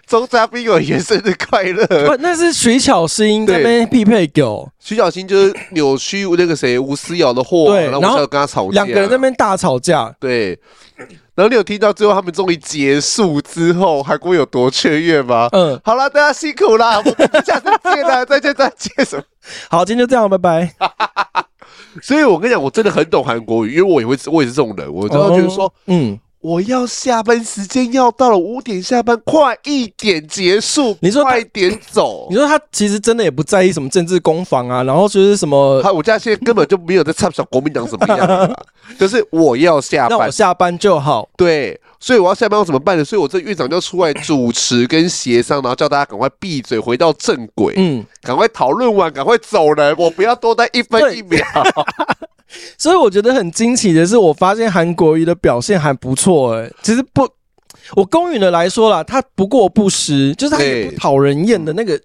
周嘉賓有元生日快樂。”不，那是徐巧芯這邊匹配狗。徐巧芯就是扭曲那個誰吳思瑤的貨。然後，然後我要跟他吵架，兩個人在那邊大吵架。對，然後你有聽到最後他們終於結束之後，韓國有多雀躍嗎？嗯，好啦，大家辛苦啦，我們下次見啦， 再見，再見，什麼？好，今天就這樣，拜拜。 所以，我跟你講，我真的很懂韓國語，因為我也會，我也是這種人，我真的覺得說哦哦，嗯。我要下班時間要到了，五點下班，快一點結束。你說快點走、呃。你說他其實真的也不在意什麼政治攻防啊，然後就是什麼，他我家現在根本就沒有在插小國民黨怎麼樣、啊。 就是我要下班，那我下班就好。對，所以我要下班，我怎麼辦呢？所以，我這院長就出來主持跟協商，然後叫大家趕快閉嘴，回到正軌。嗯，趕快討論完，趕快走人，我不要多待一分一秒。 所以我覺得很驚奇的是，我發現韓國瑜的表現還不錯哎、欸。其實不，我公允的來說啦，他不過不失，就是他也不討人厭的那個。欸嗯、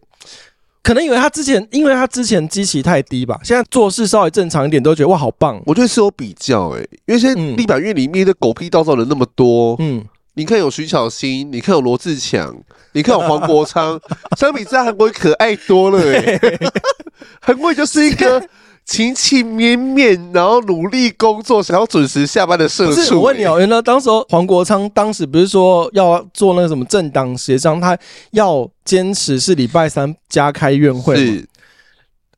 可能以為他之前，因為他之前基期太低吧，現在做事稍微正常一點，都覺得哇好棒。我覺得是有比較哎、欸，因為現在立法院裡面的狗屁倒灶的那麼多，嗯，嗯你，你看有徐巧芯，你看有羅智強，你看有黃國昌， 相比之下韓國瑜可愛多了哎、欸，韓國瑜就是一個。 勤勤勉勉，然後努力工作，想要準時下班的社畜。不是我問你，喔，原來當時黃國昌當時不是說要做那個什麼政黨協商，他要堅持是禮拜三加開院會嗎？是。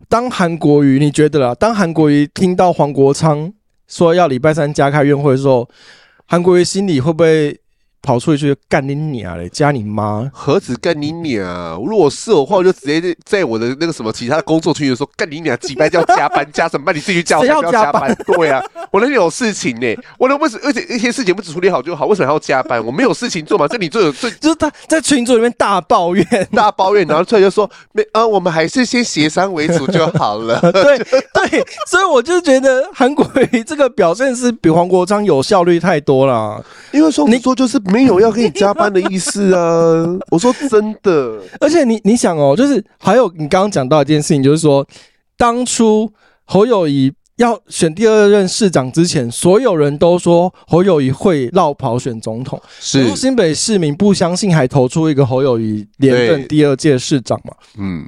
當韓國瑜，你覺得啦？當韓國瑜聽到黃國昌說要禮拜三加開院會的時候，韓國瑜心裡會不會？跑出去幹你娘嘞！加你媽，何止幹你娘啊！如果是我的話，我就直接在我的那個什麼其他工作群裡說幹你娘，幾百要加班，加什麼班你自己去加，不要，要加班。對啊。我那裡有事情呢、欸，我能為什而且一些事情不止處理好就好，為什麼還要加班？我沒有事情做嘛？這你做最，有最就是他在群組裡面大抱怨，大抱怨，然後出來就說沒啊、呃，我們還是先協商為主就好了。 就 對對，所以我就覺得韓國瑜這個表現是比黃國昌有效率太多了，因為說你說就是。沒有要給你加班的意思啊！ 我說真的，而且你你想哦，就是還有你剛剛講到一件事情，就是說當初侯友宜要選第二任市長之前，所有人都說侯友宜會落跑選總統，是，是新北市民不相信，還投出一個侯友宜連任第二屆市長嘛？嗯。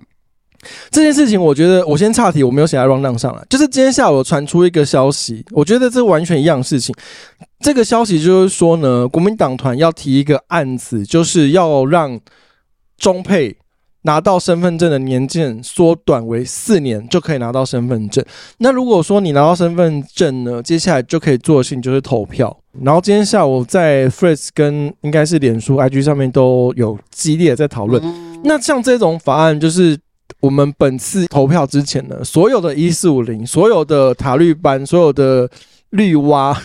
這件事情，我覺得我先岔題，我沒有寫在 rundown 上了。就是今天下午傳出一個消息，我覺得這完全一樣的事情。這個消息就是說呢，國民黨團要提一個案子，就是要讓中配拿到身份證的年限縮短為四年，就可以拿到身份證。那如果說你拿到身份證呢，接下來就可以做的事情就是投票。然後今天下午在 Threads 跟應該是臉書 IG 上面都有激烈的在討論。那像這種法案就是。我們本次投票之前呢，所有的“一四五零”、所有的“塔綠班”、所有的“綠蛙”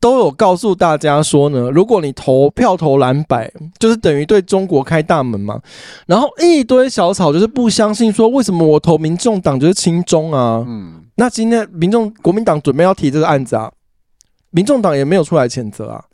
都有告訴大家說呢，如果你投票投藍白，就是等於對中國開大門嘛。然後一堆小草就是不相信說，為什麼我投民眾黨就是親中啊？嗯，那今天民眾國民黨準備要提這個案子啊，民眾黨也沒有出來譴責啊。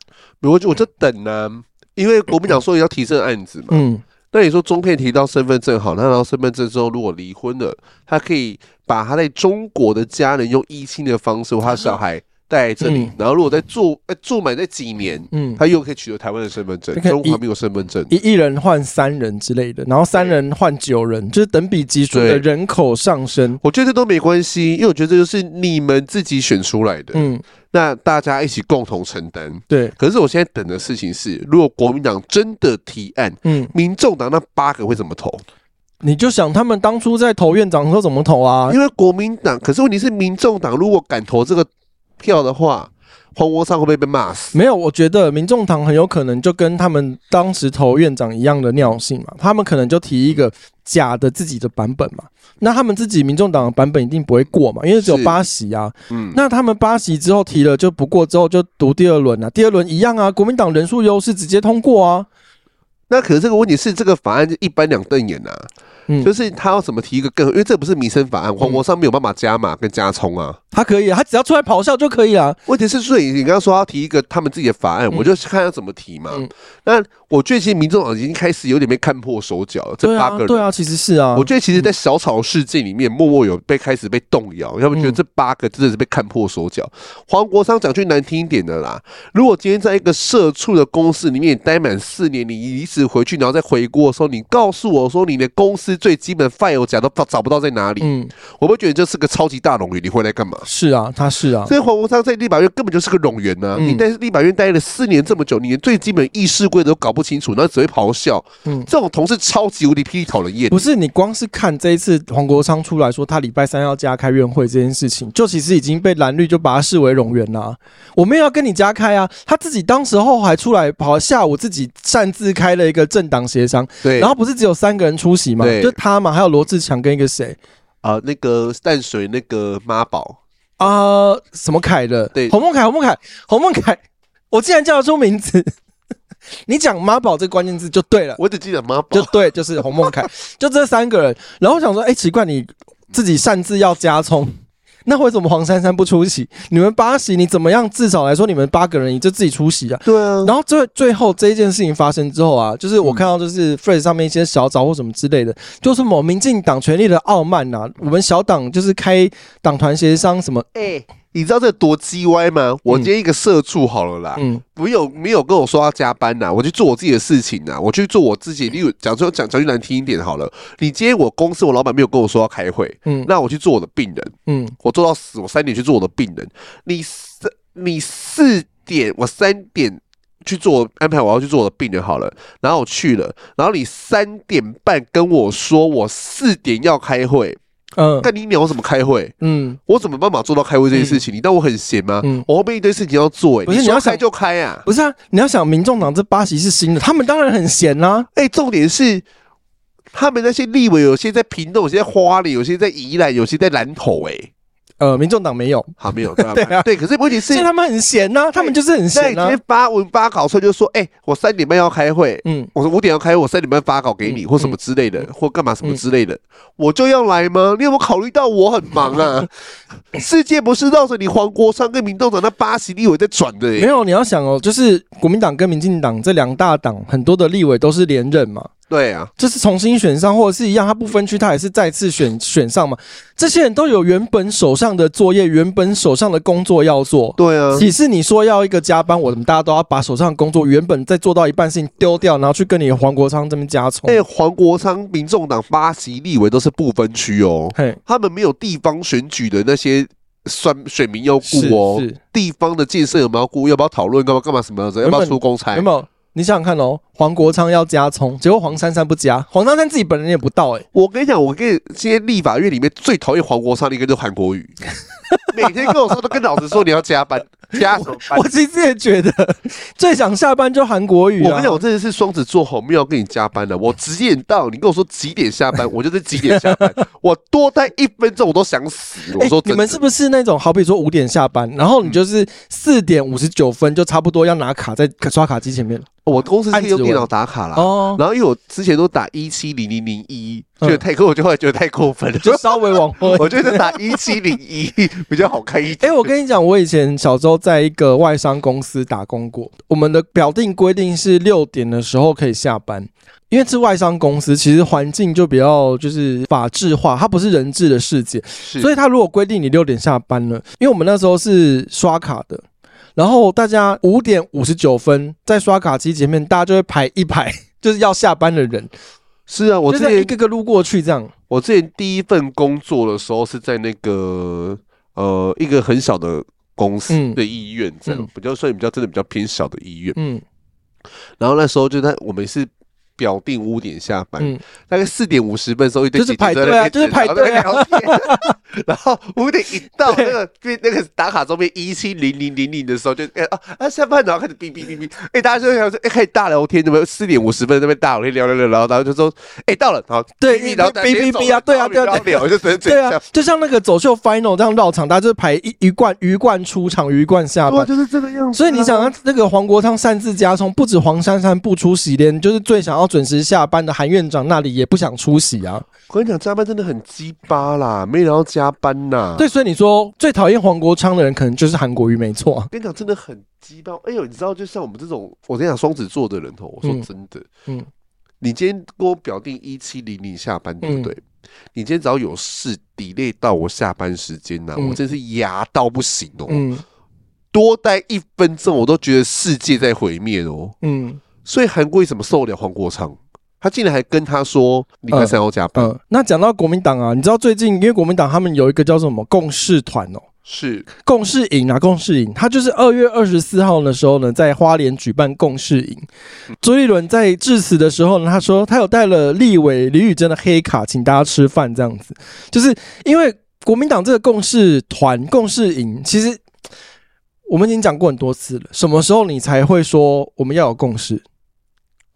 比如果就我就等呢、啊，因為國民黨說要提這個案子嘛。嗯。那你說中配提到身份證好，拿到身份證之後，如果離婚了，他可以把他在中國的家人用依親的方式，為他小孩。在這裡，嗯、然後如果再住，欸、住滿這幾年，嗯，他又可以取得台灣的身份證，中華還沒有身份證一，一一人換三人之類的，然後三人換九人，對就是等比基準的人口上升。我覺得這都沒關係，因為我覺得這就是你們自己選出來的，嗯，那大家一起共同承擔，對。可是我現在等的事情是，如果國民黨真的提案，嗯，民眾黨那八個會怎麼投？你就想他們當初在投院長的時候怎麼投啊？因為國民黨，可是問題是，民眾黨如果敢投這個。票的話，黃國昌會不會被罵死？沒有，我覺得民眾黨很有可能就跟他們當時投院長一樣的尿性嘛，他們可能就提一個假的自己的版本嘛。那他們自己民眾黨的版本一定不會過嘛，因為只有八席啊。嗯，那他們八席之後提了就不過之後就讀第二輪啊，第二輪一樣啊，國民黨人數優勢直接通過啊。那可是這個問題是這個法案就一般兩瞪眼吶，就是他要怎麼提一個更？因為這不是民生法案，黃國昌沒有辦法加碼跟加充啊。他可以，啊，他只要出來咆哮就可以啊。問題是，所以你剛剛說要提一個他們自己的法案，嗯、我就看他怎麼提嘛。嗯、那我最近民眾黨已經開始有點被看破手腳了。嗯、這八個，人。對啊，啊、其實是啊。我覺得其實，在小草世界裡面，默默有被開始被動搖。要不覺得這八個真的是被看破手腳？嗯、黃國昌講句難聽一點的啦，如果今天在一個社畜的公司裡面待滿四年，你離職回去，然後再回鍋的時候，你告訴我說，你連公司最基本的 file 夾都找不到在哪裡？嗯，我不覺得這是個超級大榮譽，你回來幹嘛？是啊，他是啊。所以黃國昌在立法院根本就是個冗員呢。你在立法院待了四年這麼久，你連最基本議事規則都搞不清楚，那只會咆哮。嗯，這種同事超級無敵霹靂討人厭。不是，你光是看這一次黃國昌出來說他禮拜三要加開院會這件事情，就其實已經被藍綠就把他視為冗員啦。我沒有要跟你加開啊，他自己當時候還出來跑下午自己擅自開了一個政黨協商。對，然後不是只有三個人出席嘛，對，就他嘛，還有羅志強跟一個誰？啊，那個淡水那個媽寶。啊，uh, 什麼凱的？對，洪夢凱，洪夢凱，洪夢凱，我竟然叫得出名字。 你講“媽寶”這個關鍵字就對了，我只記得“媽寶”，就對，就是洪夢凱， 就這三個人。然後我想說，哎、欸，奇怪，你自己擅自要加蔥。那為什麼黃珊珊不出席？你們八席，你怎麼樣？至少來說，你們八個人，你就自己出席啊？對啊。然後最最後這一件事情發生之後啊，就是我看到就是 Threads 上面一些小草或什麼之類的，嗯、就是某民進黨權力的傲慢吶、啊。我們小黨就是開黨團協商什麼？哎、欸。你知道這多雞歪嗎？我今天一個社畜好了啦，我、嗯嗯、沒有沒有跟我說要加班吶？我去做我自己的事情吶，我去做我自己。你有講說講講句難聽一點好了，你今天我公司我老闆沒有跟我說要開會，嗯，那我去做我的病人，嗯，我做到死。我三點去做我的病人，你三，你四你四點我三點去做安排我要去做我的病人好了，然後我去了，然後你三點半跟我說我四點要開會。嗯，但你你要怎麼開會？嗯，我怎麼辦法做到開會這件事情？嗯、你當我很閒嗎？嗯，我後面一堆事情要做、欸。誒是你你要開就開啊，不是啊，你要想，民眾黨這八席是新的，他們當然很閒啊。誒、欸、重點是他們那些立委，有些在屏東，有些在花蓮，有些在宜蘭，有些在南投、欸，誒呃，民眾黨沒有，好、啊、沒有，對、啊 對，啊、對，可是問題是，他們很閒吶、啊，對他們就是很閒啊。發文發稿，所以就說，哎、欸，我三點半要開會，嗯，我五點要開會，我三點半發稿給你、嗯、或什麼之類的，嗯、或幹嘛什麼之類的，嗯、我就要來嗎？你有沒有考慮到我很忙啊？ 世界不是繞着你黃國昌跟民眾黨的八席立委在轉的、欸？沒有，你要想哦，就是國民黨跟民進黨這兩大黨，很多的立委都是連任嘛。對啊，就是重新選上，或者是一樣，他不分區，他也是再次選選上嘛。這些人都有原本手上的作業，原本手上的工作要做。對啊，只是你說要一個加班，我們大家都要把手上的工作原本再做到一半事情丟掉，然後去跟你黃國昌這邊加重？哎、欸，黃國昌、民眾黨、八席立委都是不分區哦，嘿他們沒有地方選舉的那些選選民要顧哦，是，是地方的建設有沒有要顧，要不要討論幹嘛幹嘛什麼樣要，要不要出公差？有沒有你想想看哦，黃國昌要加蔥，結果黃珊珊不加，黃珊珊自己本人也不到，哎，我跟你講，我跟這些立法院裡面最討厭黃國昌的一個就是韓國瑜。 每天跟我說都跟老子說，你要加班，加什麼班？我其實也覺得最想下班就韓國語、啊。我跟你講，我這次是雙子座，後沒有要跟你加班了。我幾點到，你跟我說幾點下班， 我就是幾點下班。我多待一分鐘，我都想死。我說、欸，你們是不是那種好比說五點下班，然後你就是四點五十九分就差不多要拿卡在刷卡機前面、嗯、我公司是可以用電腦打卡了哦。然後因為我之前都打一七零零零一。覺得太過，就覺得太過分了，就稍微往後 我覺得打一七零一比較好看一點。哎、 欸，我跟你講，我以前小時候在一個外商公司打工過，我們的表定規定是六點的時候可以下班，因為是外商公司，其實環境就比較就是法制化，它不是人治的世界，是所以它如果規定你六點下班了，因為我們那時候是刷卡的，然後大家五點五十九分在刷卡機前面，大家就會排一排， 就是要下班的人。是啊，我之前這一個個路過去這樣。我之前第一份工作的時候是在那個呃一個很小的公司的醫院這樣，嗯，比較算比較真的比較偏小的醫院。嗯，然後那時候就在我們是。表定五點下班，嗯、大概四點五十分的時候一堆擠在那、嗯、就是排隊、啊、聊天。啊、 然後五點一到，那個對 那個打卡鐘變一七零零零零的時候就哎、欸、啊，啊下班然後開始嗶嗶嗶嗶。哎、欸，大家就想說哎，可、欸、以大聊天，怎麼四點五十分那邊大聊天聊聊聊，然後大家就說哎、欸、到了，對，然後嗶嗶嗶啊，對啊對啊，就對啊，就像那個走秀 final 這樣繞場，大家就是排一一貫魚貫出場，魚貫下班、哦，就是這個樣子、啊。所以你想啊，那個黃國昌擅自加充，不止黃珊珊不出席的，就是最想要，準時下班的韓院長，那裡也不想出席啊！我跟你講，加班真的很雞巴啦，沒人要加班吶。對，所以你說最討厭黃國昌的人，可能就是韓國瑜，沒錯。啊跟你講，真的很雞巴。哎呦，你知道，就像我們這種我跟你講雙子座的人，頭，我說真的，嗯，你今天跟我表定一七零零下班，對不對？你今天只要有事 delay 到我下班時間吶，我真是牙到不行哦。多待一分鐘，我都覺得世界在毀滅哦。嗯。所以韓國為什麼受得了黃國昌？他竟然還跟他說，你在三號加班。呃呃、那講到國民黨啊，你知道最近因為國民黨他們有一個叫什麼共識團哦，是共識營啊，共識營。他就是二月二十四號的時候呢，在花蓮舉辦共識營。嗯、朱立倫在致詞的時候呢，他說他有帶了立委李宇珍的黑卡，請大家吃飯，這樣子。就是因為國民黨這個共識團、共識營，其實我們已經講過很多次了，什麼時候你才會說我們要有共識？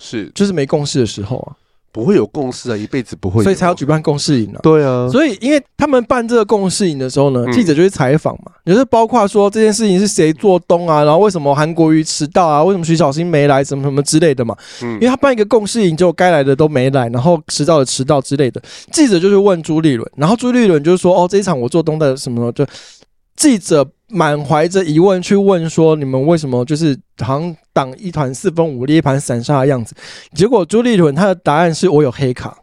是，就是沒共識的時候啊，不會有共識啊，一輩子不會，所以才要舉辦共識營啊。對啊，所以因為他們辦這個共識營的時候呢，嗯、記者就去採訪嘛，就是包括說這件事情是誰做東啊，然後為什麼韓國瑜遲到啊，為什麼徐小新沒來，什麼什麼之類的嘛。嗯，因為他辦一個共識營，就該來的都沒來，然後遲到的遲到之類的，記者就去問朱立倫，然後朱立倫就是說，哦，這一場我做東的，什麼的就。記者滿懷着疑問去問說：“你們為什麼就是好像黨一團四分五裂、一盤散沙的樣子？”結果朱立倫他的答案是：“我有黑卡。”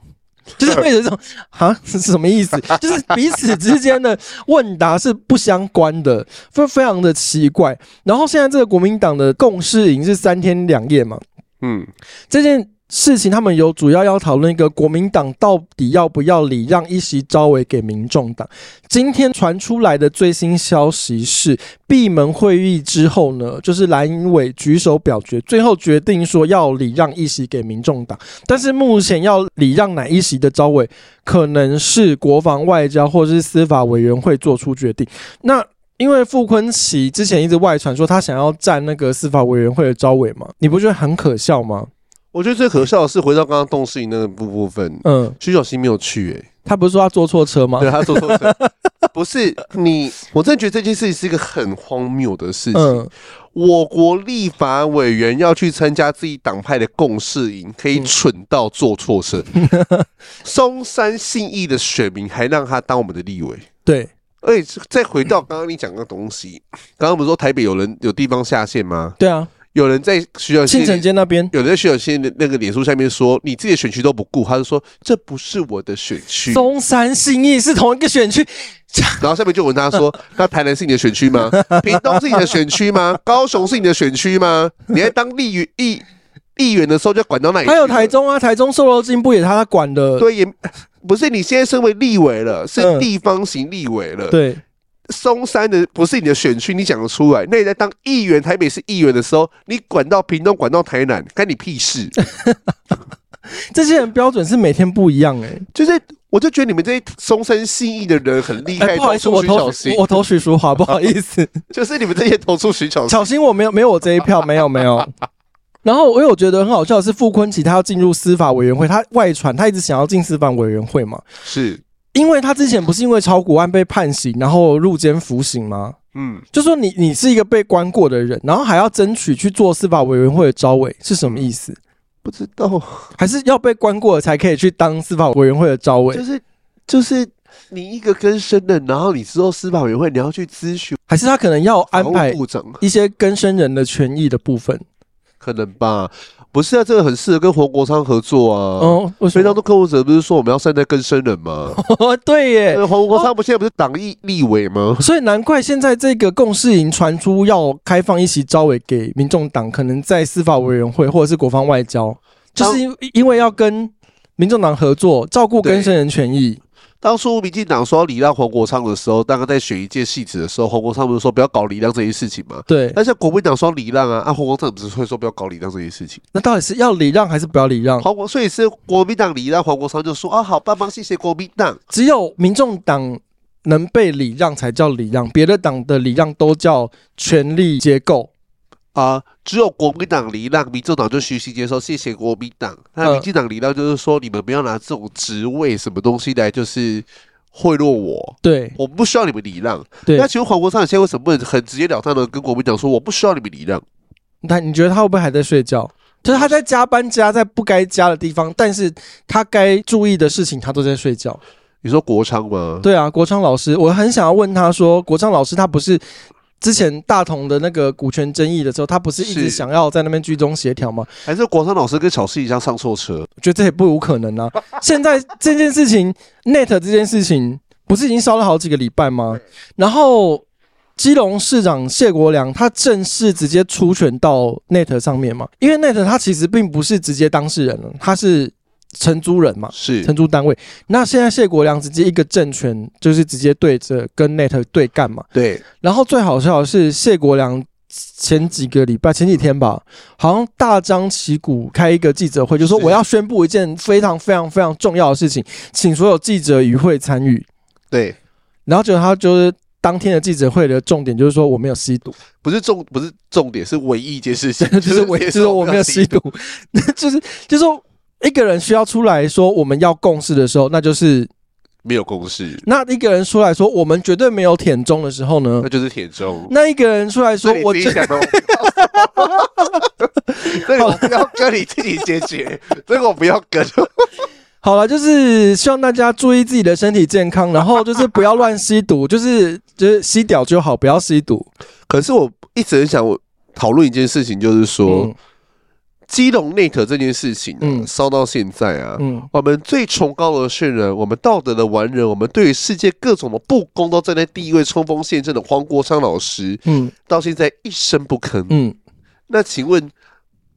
就是背着這種蛤，是什麼意思？就是彼此之間的問答是不相關的，非非常的奇怪。然後現在這個國民黨的共識已經是三天兩夜嘛。嗯，這件。事情他們有主要要討論一個國民黨到底要不要禮讓一席召委給民眾黨。今天傳出來的最新消息是，閉門會議之後呢，就是藍委舉手表決，最後決定說要禮讓一席給民眾黨。但是目前要禮讓哪一席的召委，可能是國防外交或是司法委員會做出決定。那因為傅昆萁之前一直外傳說他想要佔那個司法委員會的召委嘛，你不覺得很可笑嗎？我覺得最可笑的是，回到剛剛董事營那個部部分，嗯，徐巧芯沒有去，哎，他不是說他坐錯車嗎？對，他坐錯車， 不是你，我真的覺得這件事情是一個很荒謬的事情。嗯、我國立法委員要去參加自己黨派的共識營，可以蠢到坐錯車？嗯、 松山信義的選民還讓他當我們的立委？對，而且再回到剛剛你講的東西，剛剛不是說台北有人有地方下線嗎？對啊。有人在徐巧芯城街那邊，有人在徐巧芯的那個臉書下面說，你自己的選區都不顧，他就說這不是我的選區，中山信義是同一個選區。然後下面就問他說，那台南是你的選區嗎？屏東是你的選區嗎？高雄是你的選區嗎？你在當立於議議員的時候就管到哪裡，還有台中啊，台中壽羅金不也他管的？對，也不是，你現在身為立委了，是地方型立委了，嗯、對。松山的不是你的選區，你講得出來？那你在當議員，台北市議員的時候，你管到屏東，管到台南，干你屁事？ 這些人標準是每天不一樣哎、欸，就是我就覺得你們這些松山信義的人很厲害、欸。不好意思，我投許我投許淑華，不好意思， 就是你們這些投訴徐巧 小心我，我沒有沒有我這一票，沒有沒有。 然後我又覺得很好笑的是，傅昆奇他要進入司法委員會，他外傳他一直想要進司法委員會嘛？是。因為他之前不是因為炒股案被判刑，然後入監服刑嗎？嗯，就說你你是一個被關過的人，然後還要爭取去做司法委員會的召委，是什麼意思？不知道，還是要被關過才可以去當司法委員會的召委？就是就是你一個更生的，然後你之後司法委員會，你要去諮詢，還是他可能要安排補償一些更生人的權益的部分？可能吧。不是啊，這個很適合跟黃國昌合作啊。哦，非常多客戶者不是說我們要善待更生人嗎？ 對耶。黃、嗯、國昌不、哦、現在不是黨議立委嗎？所以難怪現在這個共識營傳出要開放一席召委給民眾黨，可能在司法委員會或者是國防外交，當 就是因為因為要跟民眾黨合作，照顧更生人權益。當初民進黨說要禮讓黃國昌的時候，大概在選一屆戲子的時候，黃國昌不是說不要搞禮讓這件事情嗎？對。但是國民黨說禮讓啊，啊黃國昌不是說不要搞禮讓這件事情？那到底是要禮讓還是不要禮讓？黃國所以是國民黨禮讓黃國昌就說啊，好，幫忙謝謝國民黨。只有民眾黨能被禮讓才叫禮讓，別的黨的禮讓都叫權力結構。啊！只有國民黨禮讓，民進黨就虛心接受，謝謝國民黨。那民進黨禮讓，就是說、呃、你們不要拿這種職位什麼東西來就是賄賂我。對，我不需要你們禮讓。對，那請問黃國昌，你現在為什麼不能很直截了當的跟國民黨說，我不需要你們禮讓？那你覺得他會不會還在睡覺？就是他在加班加在不該加的地方，但是他該注意的事情，他都在睡覺。你說國昌嗎？對啊，國昌老師，我很想要問他說，國昌老師他不是。之前大同的那個股權爭議的時候，他不是一直想要在那邊居中協調嗎？還是國生老師跟小四一樣上錯車？我覺得這也不無可能啊。 現在這件事情，NET 這件事情不是已經燒了好幾個禮拜嗎？然後基隆市長謝國良，他正式直接出拳到 NET 上面嗎？因為 NET 他其實並不是直接當事人了，他是。承租人嘛，是承租單位。那現在謝國良直接一個政權，就是直接對着跟 Net 對幹嘛？對。然後最好笑的是，謝國良前幾個禮拜、嗯、前幾天吧，好像大張旗鼓開一個記者會，是就是說我要宣布一件非常非常非常重要的事情，請所有記者與會參與。對。然後就他就是當天的記者會的重點，就是說我沒有吸毒，不是重不是重點，是唯一一件事情， 就是唯一、就是，就是我沒有吸毒，就 是就是。就是說一個人需要出來說我們要共識的時候，那就是沒有共識。那一個人出來說我們絕對沒有舔中的時候呢？那就是舔中。那一個人出來說我。哈哈哈哈哈哈！這個我不要跟你自己解決，這個我好 不要跟。 好了，就是希望大家注意自己的身體健康，然後就是不要亂吸毒， 就是就是吸掉就好，不要吸毒。可是我一直很想我討論一件事情，就是說。嗯基隆內特這件事情，啊，嗯，燒到現在啊，嗯，我們最崇高的聖人，我們道德的完人，我們對於世界各種的不公都站在第一位衝鋒陷陣的黃國昌老師，嗯，到現在一聲不吭，嗯，那請問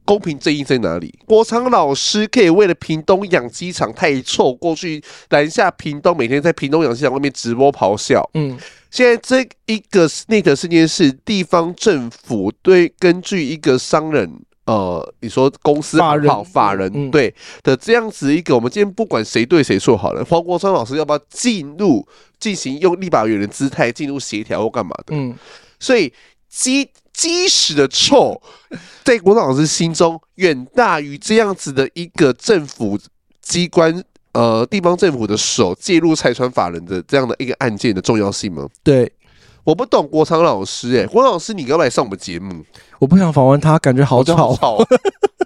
公平正義在哪裡？國昌老師可以為了屏東養雞場太臭，錯過去攔下屏東，每天在屏東養雞場外面直播咆哮，嗯，現在這一個內特事件是地方政府對根據一個商人，呃，你說公司好法人、法人對、嗯、的這樣子一個，我們今天不管誰對誰錯好了。黃國昌老師要不要進入進行用立法委員的姿態進入協調或幹嘛的？嗯，所以積積時的錯， 在國昌老師心中遠大於這樣子的一個政府機關呃地方政府的手介入財團法人的這樣的一個案件的重要性嗎？對，我不懂國昌老師、欸，哎，國老師你要不要來上我們節目？我不想訪問他，感覺好吵。好吵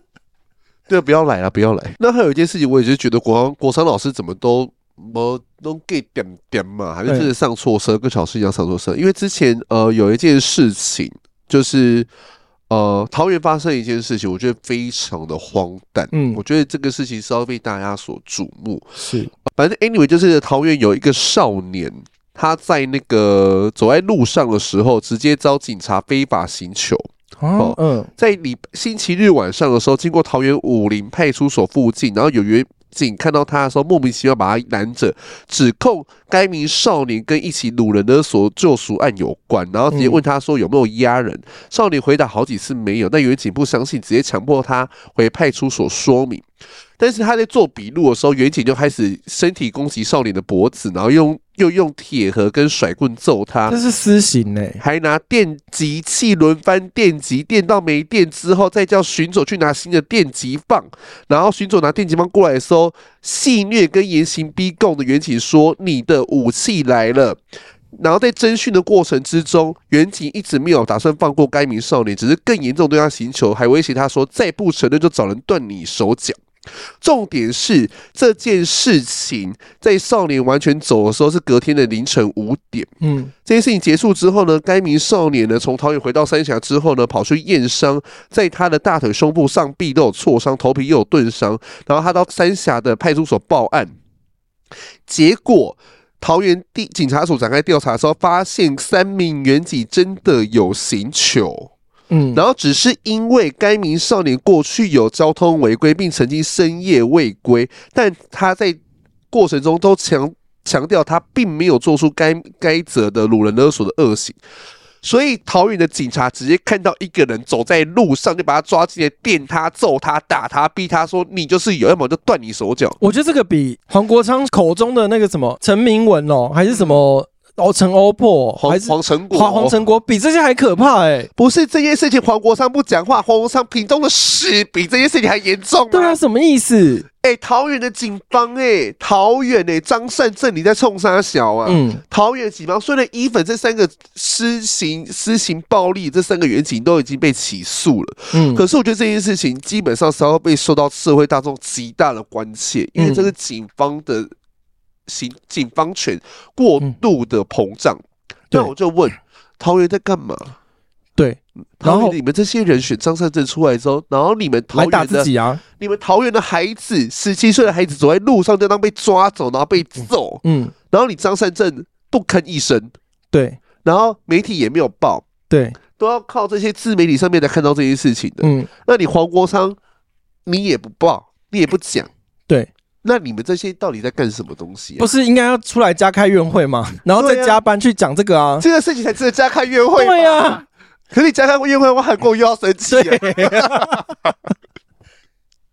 對，不要來了，不要來。那還有一件事情，我也是覺得國國山老師怎麼都沒弄給點點嘛，還是真的上錯車，對跟小師一樣上錯車。因為之前呃有一件事情，就是呃桃園發生一件事情，我覺得非常的荒誕。嗯，我覺得這個事情稍微被大家所矚目。是、呃，反正 anyway，就是桃園有一個少年，他在那個走在路上的時候，直接遭警察非法行求。哦，嗯，在你星期日晚上的時候，經過桃園武林派出所附近，然後有員警看到他的時候，莫名其妙把他攔着，指控該名少年跟一起擄人的勒贖案有關，然後直接問他說有沒有壓人，嗯、少年回答好幾次沒有，那員警不相信，直接強迫他回派出所說明，但是他在做筆錄的時候，員警就開始身體攻擊少年的脖子，然後用。又用鐵盒跟甩棍揍他，這是私刑嘞！還拿電擊器輪番電擊，電到沒電之後，再叫巡佐去拿新的電擊棒。然後巡佐拿電擊棒過來的時候，戲謔跟嚴刑逼供的員警說：“你的武器來了。”然後在偵訊的過程之中，員警一直沒有打算放過該名少年，只是更嚴重對他刑求，還威脅他說：“再不承認就找人斷你手腳。”重點是這件事情在少年完全走的時候是隔天的凌晨五點，嗯，這件事情結束之後呢，該名少年呢從桃園回到三峽之後呢，跑去驗傷，在他的大腿、胸部、上臂都有挫傷，頭皮又有鈍傷，然後他到三峽的派出所報案，結果桃園地警察署展開調查的時候，發現三名員警真的有刑求。嗯，然後只是因為該名少年過去有交通違規，並曾經深夜未歸，但他在過程中都強強調他並沒有做出該該責的擄人勒索的惡行，所以桃園的警察直接看到一個人走在路上，就把他抓起來，電他、揍他、打他、逼他說：“你就是有，要麼就斷你手腳。”我覺得這個比黃國昌口中的那個什麼陳明文哦，還是什麼。都成歐破，黃黃成國，黃成國、哦、比這些還可怕哎、欸！不是這件事情，黃國昌不講話，黃國昌平中的屎比這件事情還嚴重、啊。對啊，什麼意思？哎、欸，桃園的警方、欸，哎，桃園、欸，哎，張善政，你在沖沙小啊？嗯，桃園警方雖然依粉這三個私刑私刑暴力這三個員警，都已經被起訴了，嗯，可是我覺得這件事情基本上是要被受到社會大眾極大的關切，因為這個警方的、嗯。行，警方權過度的膨脹，嗯、那我就問對桃園在幹嘛？對，然後你們這些人選張善政出來之後，然後你們桃園的，啊、你們桃園的孩子，十七歲的孩子走在路上就當被抓走，然後被揍，嗯，嗯然後你張善政不吭一聲，對，然後媒體也沒有報，對，都要靠這些自媒體上面來看到這些事情的，嗯，那你黃國昌，你也不報，你也不講，對。那你們這些到底在幹什麼東西、啊？不是應該要出來加開院會嗎？然後再加班去講這個啊？啊這個事情才值得加開院會。對呀、啊，可是你加開院會，我喊過又要生氣。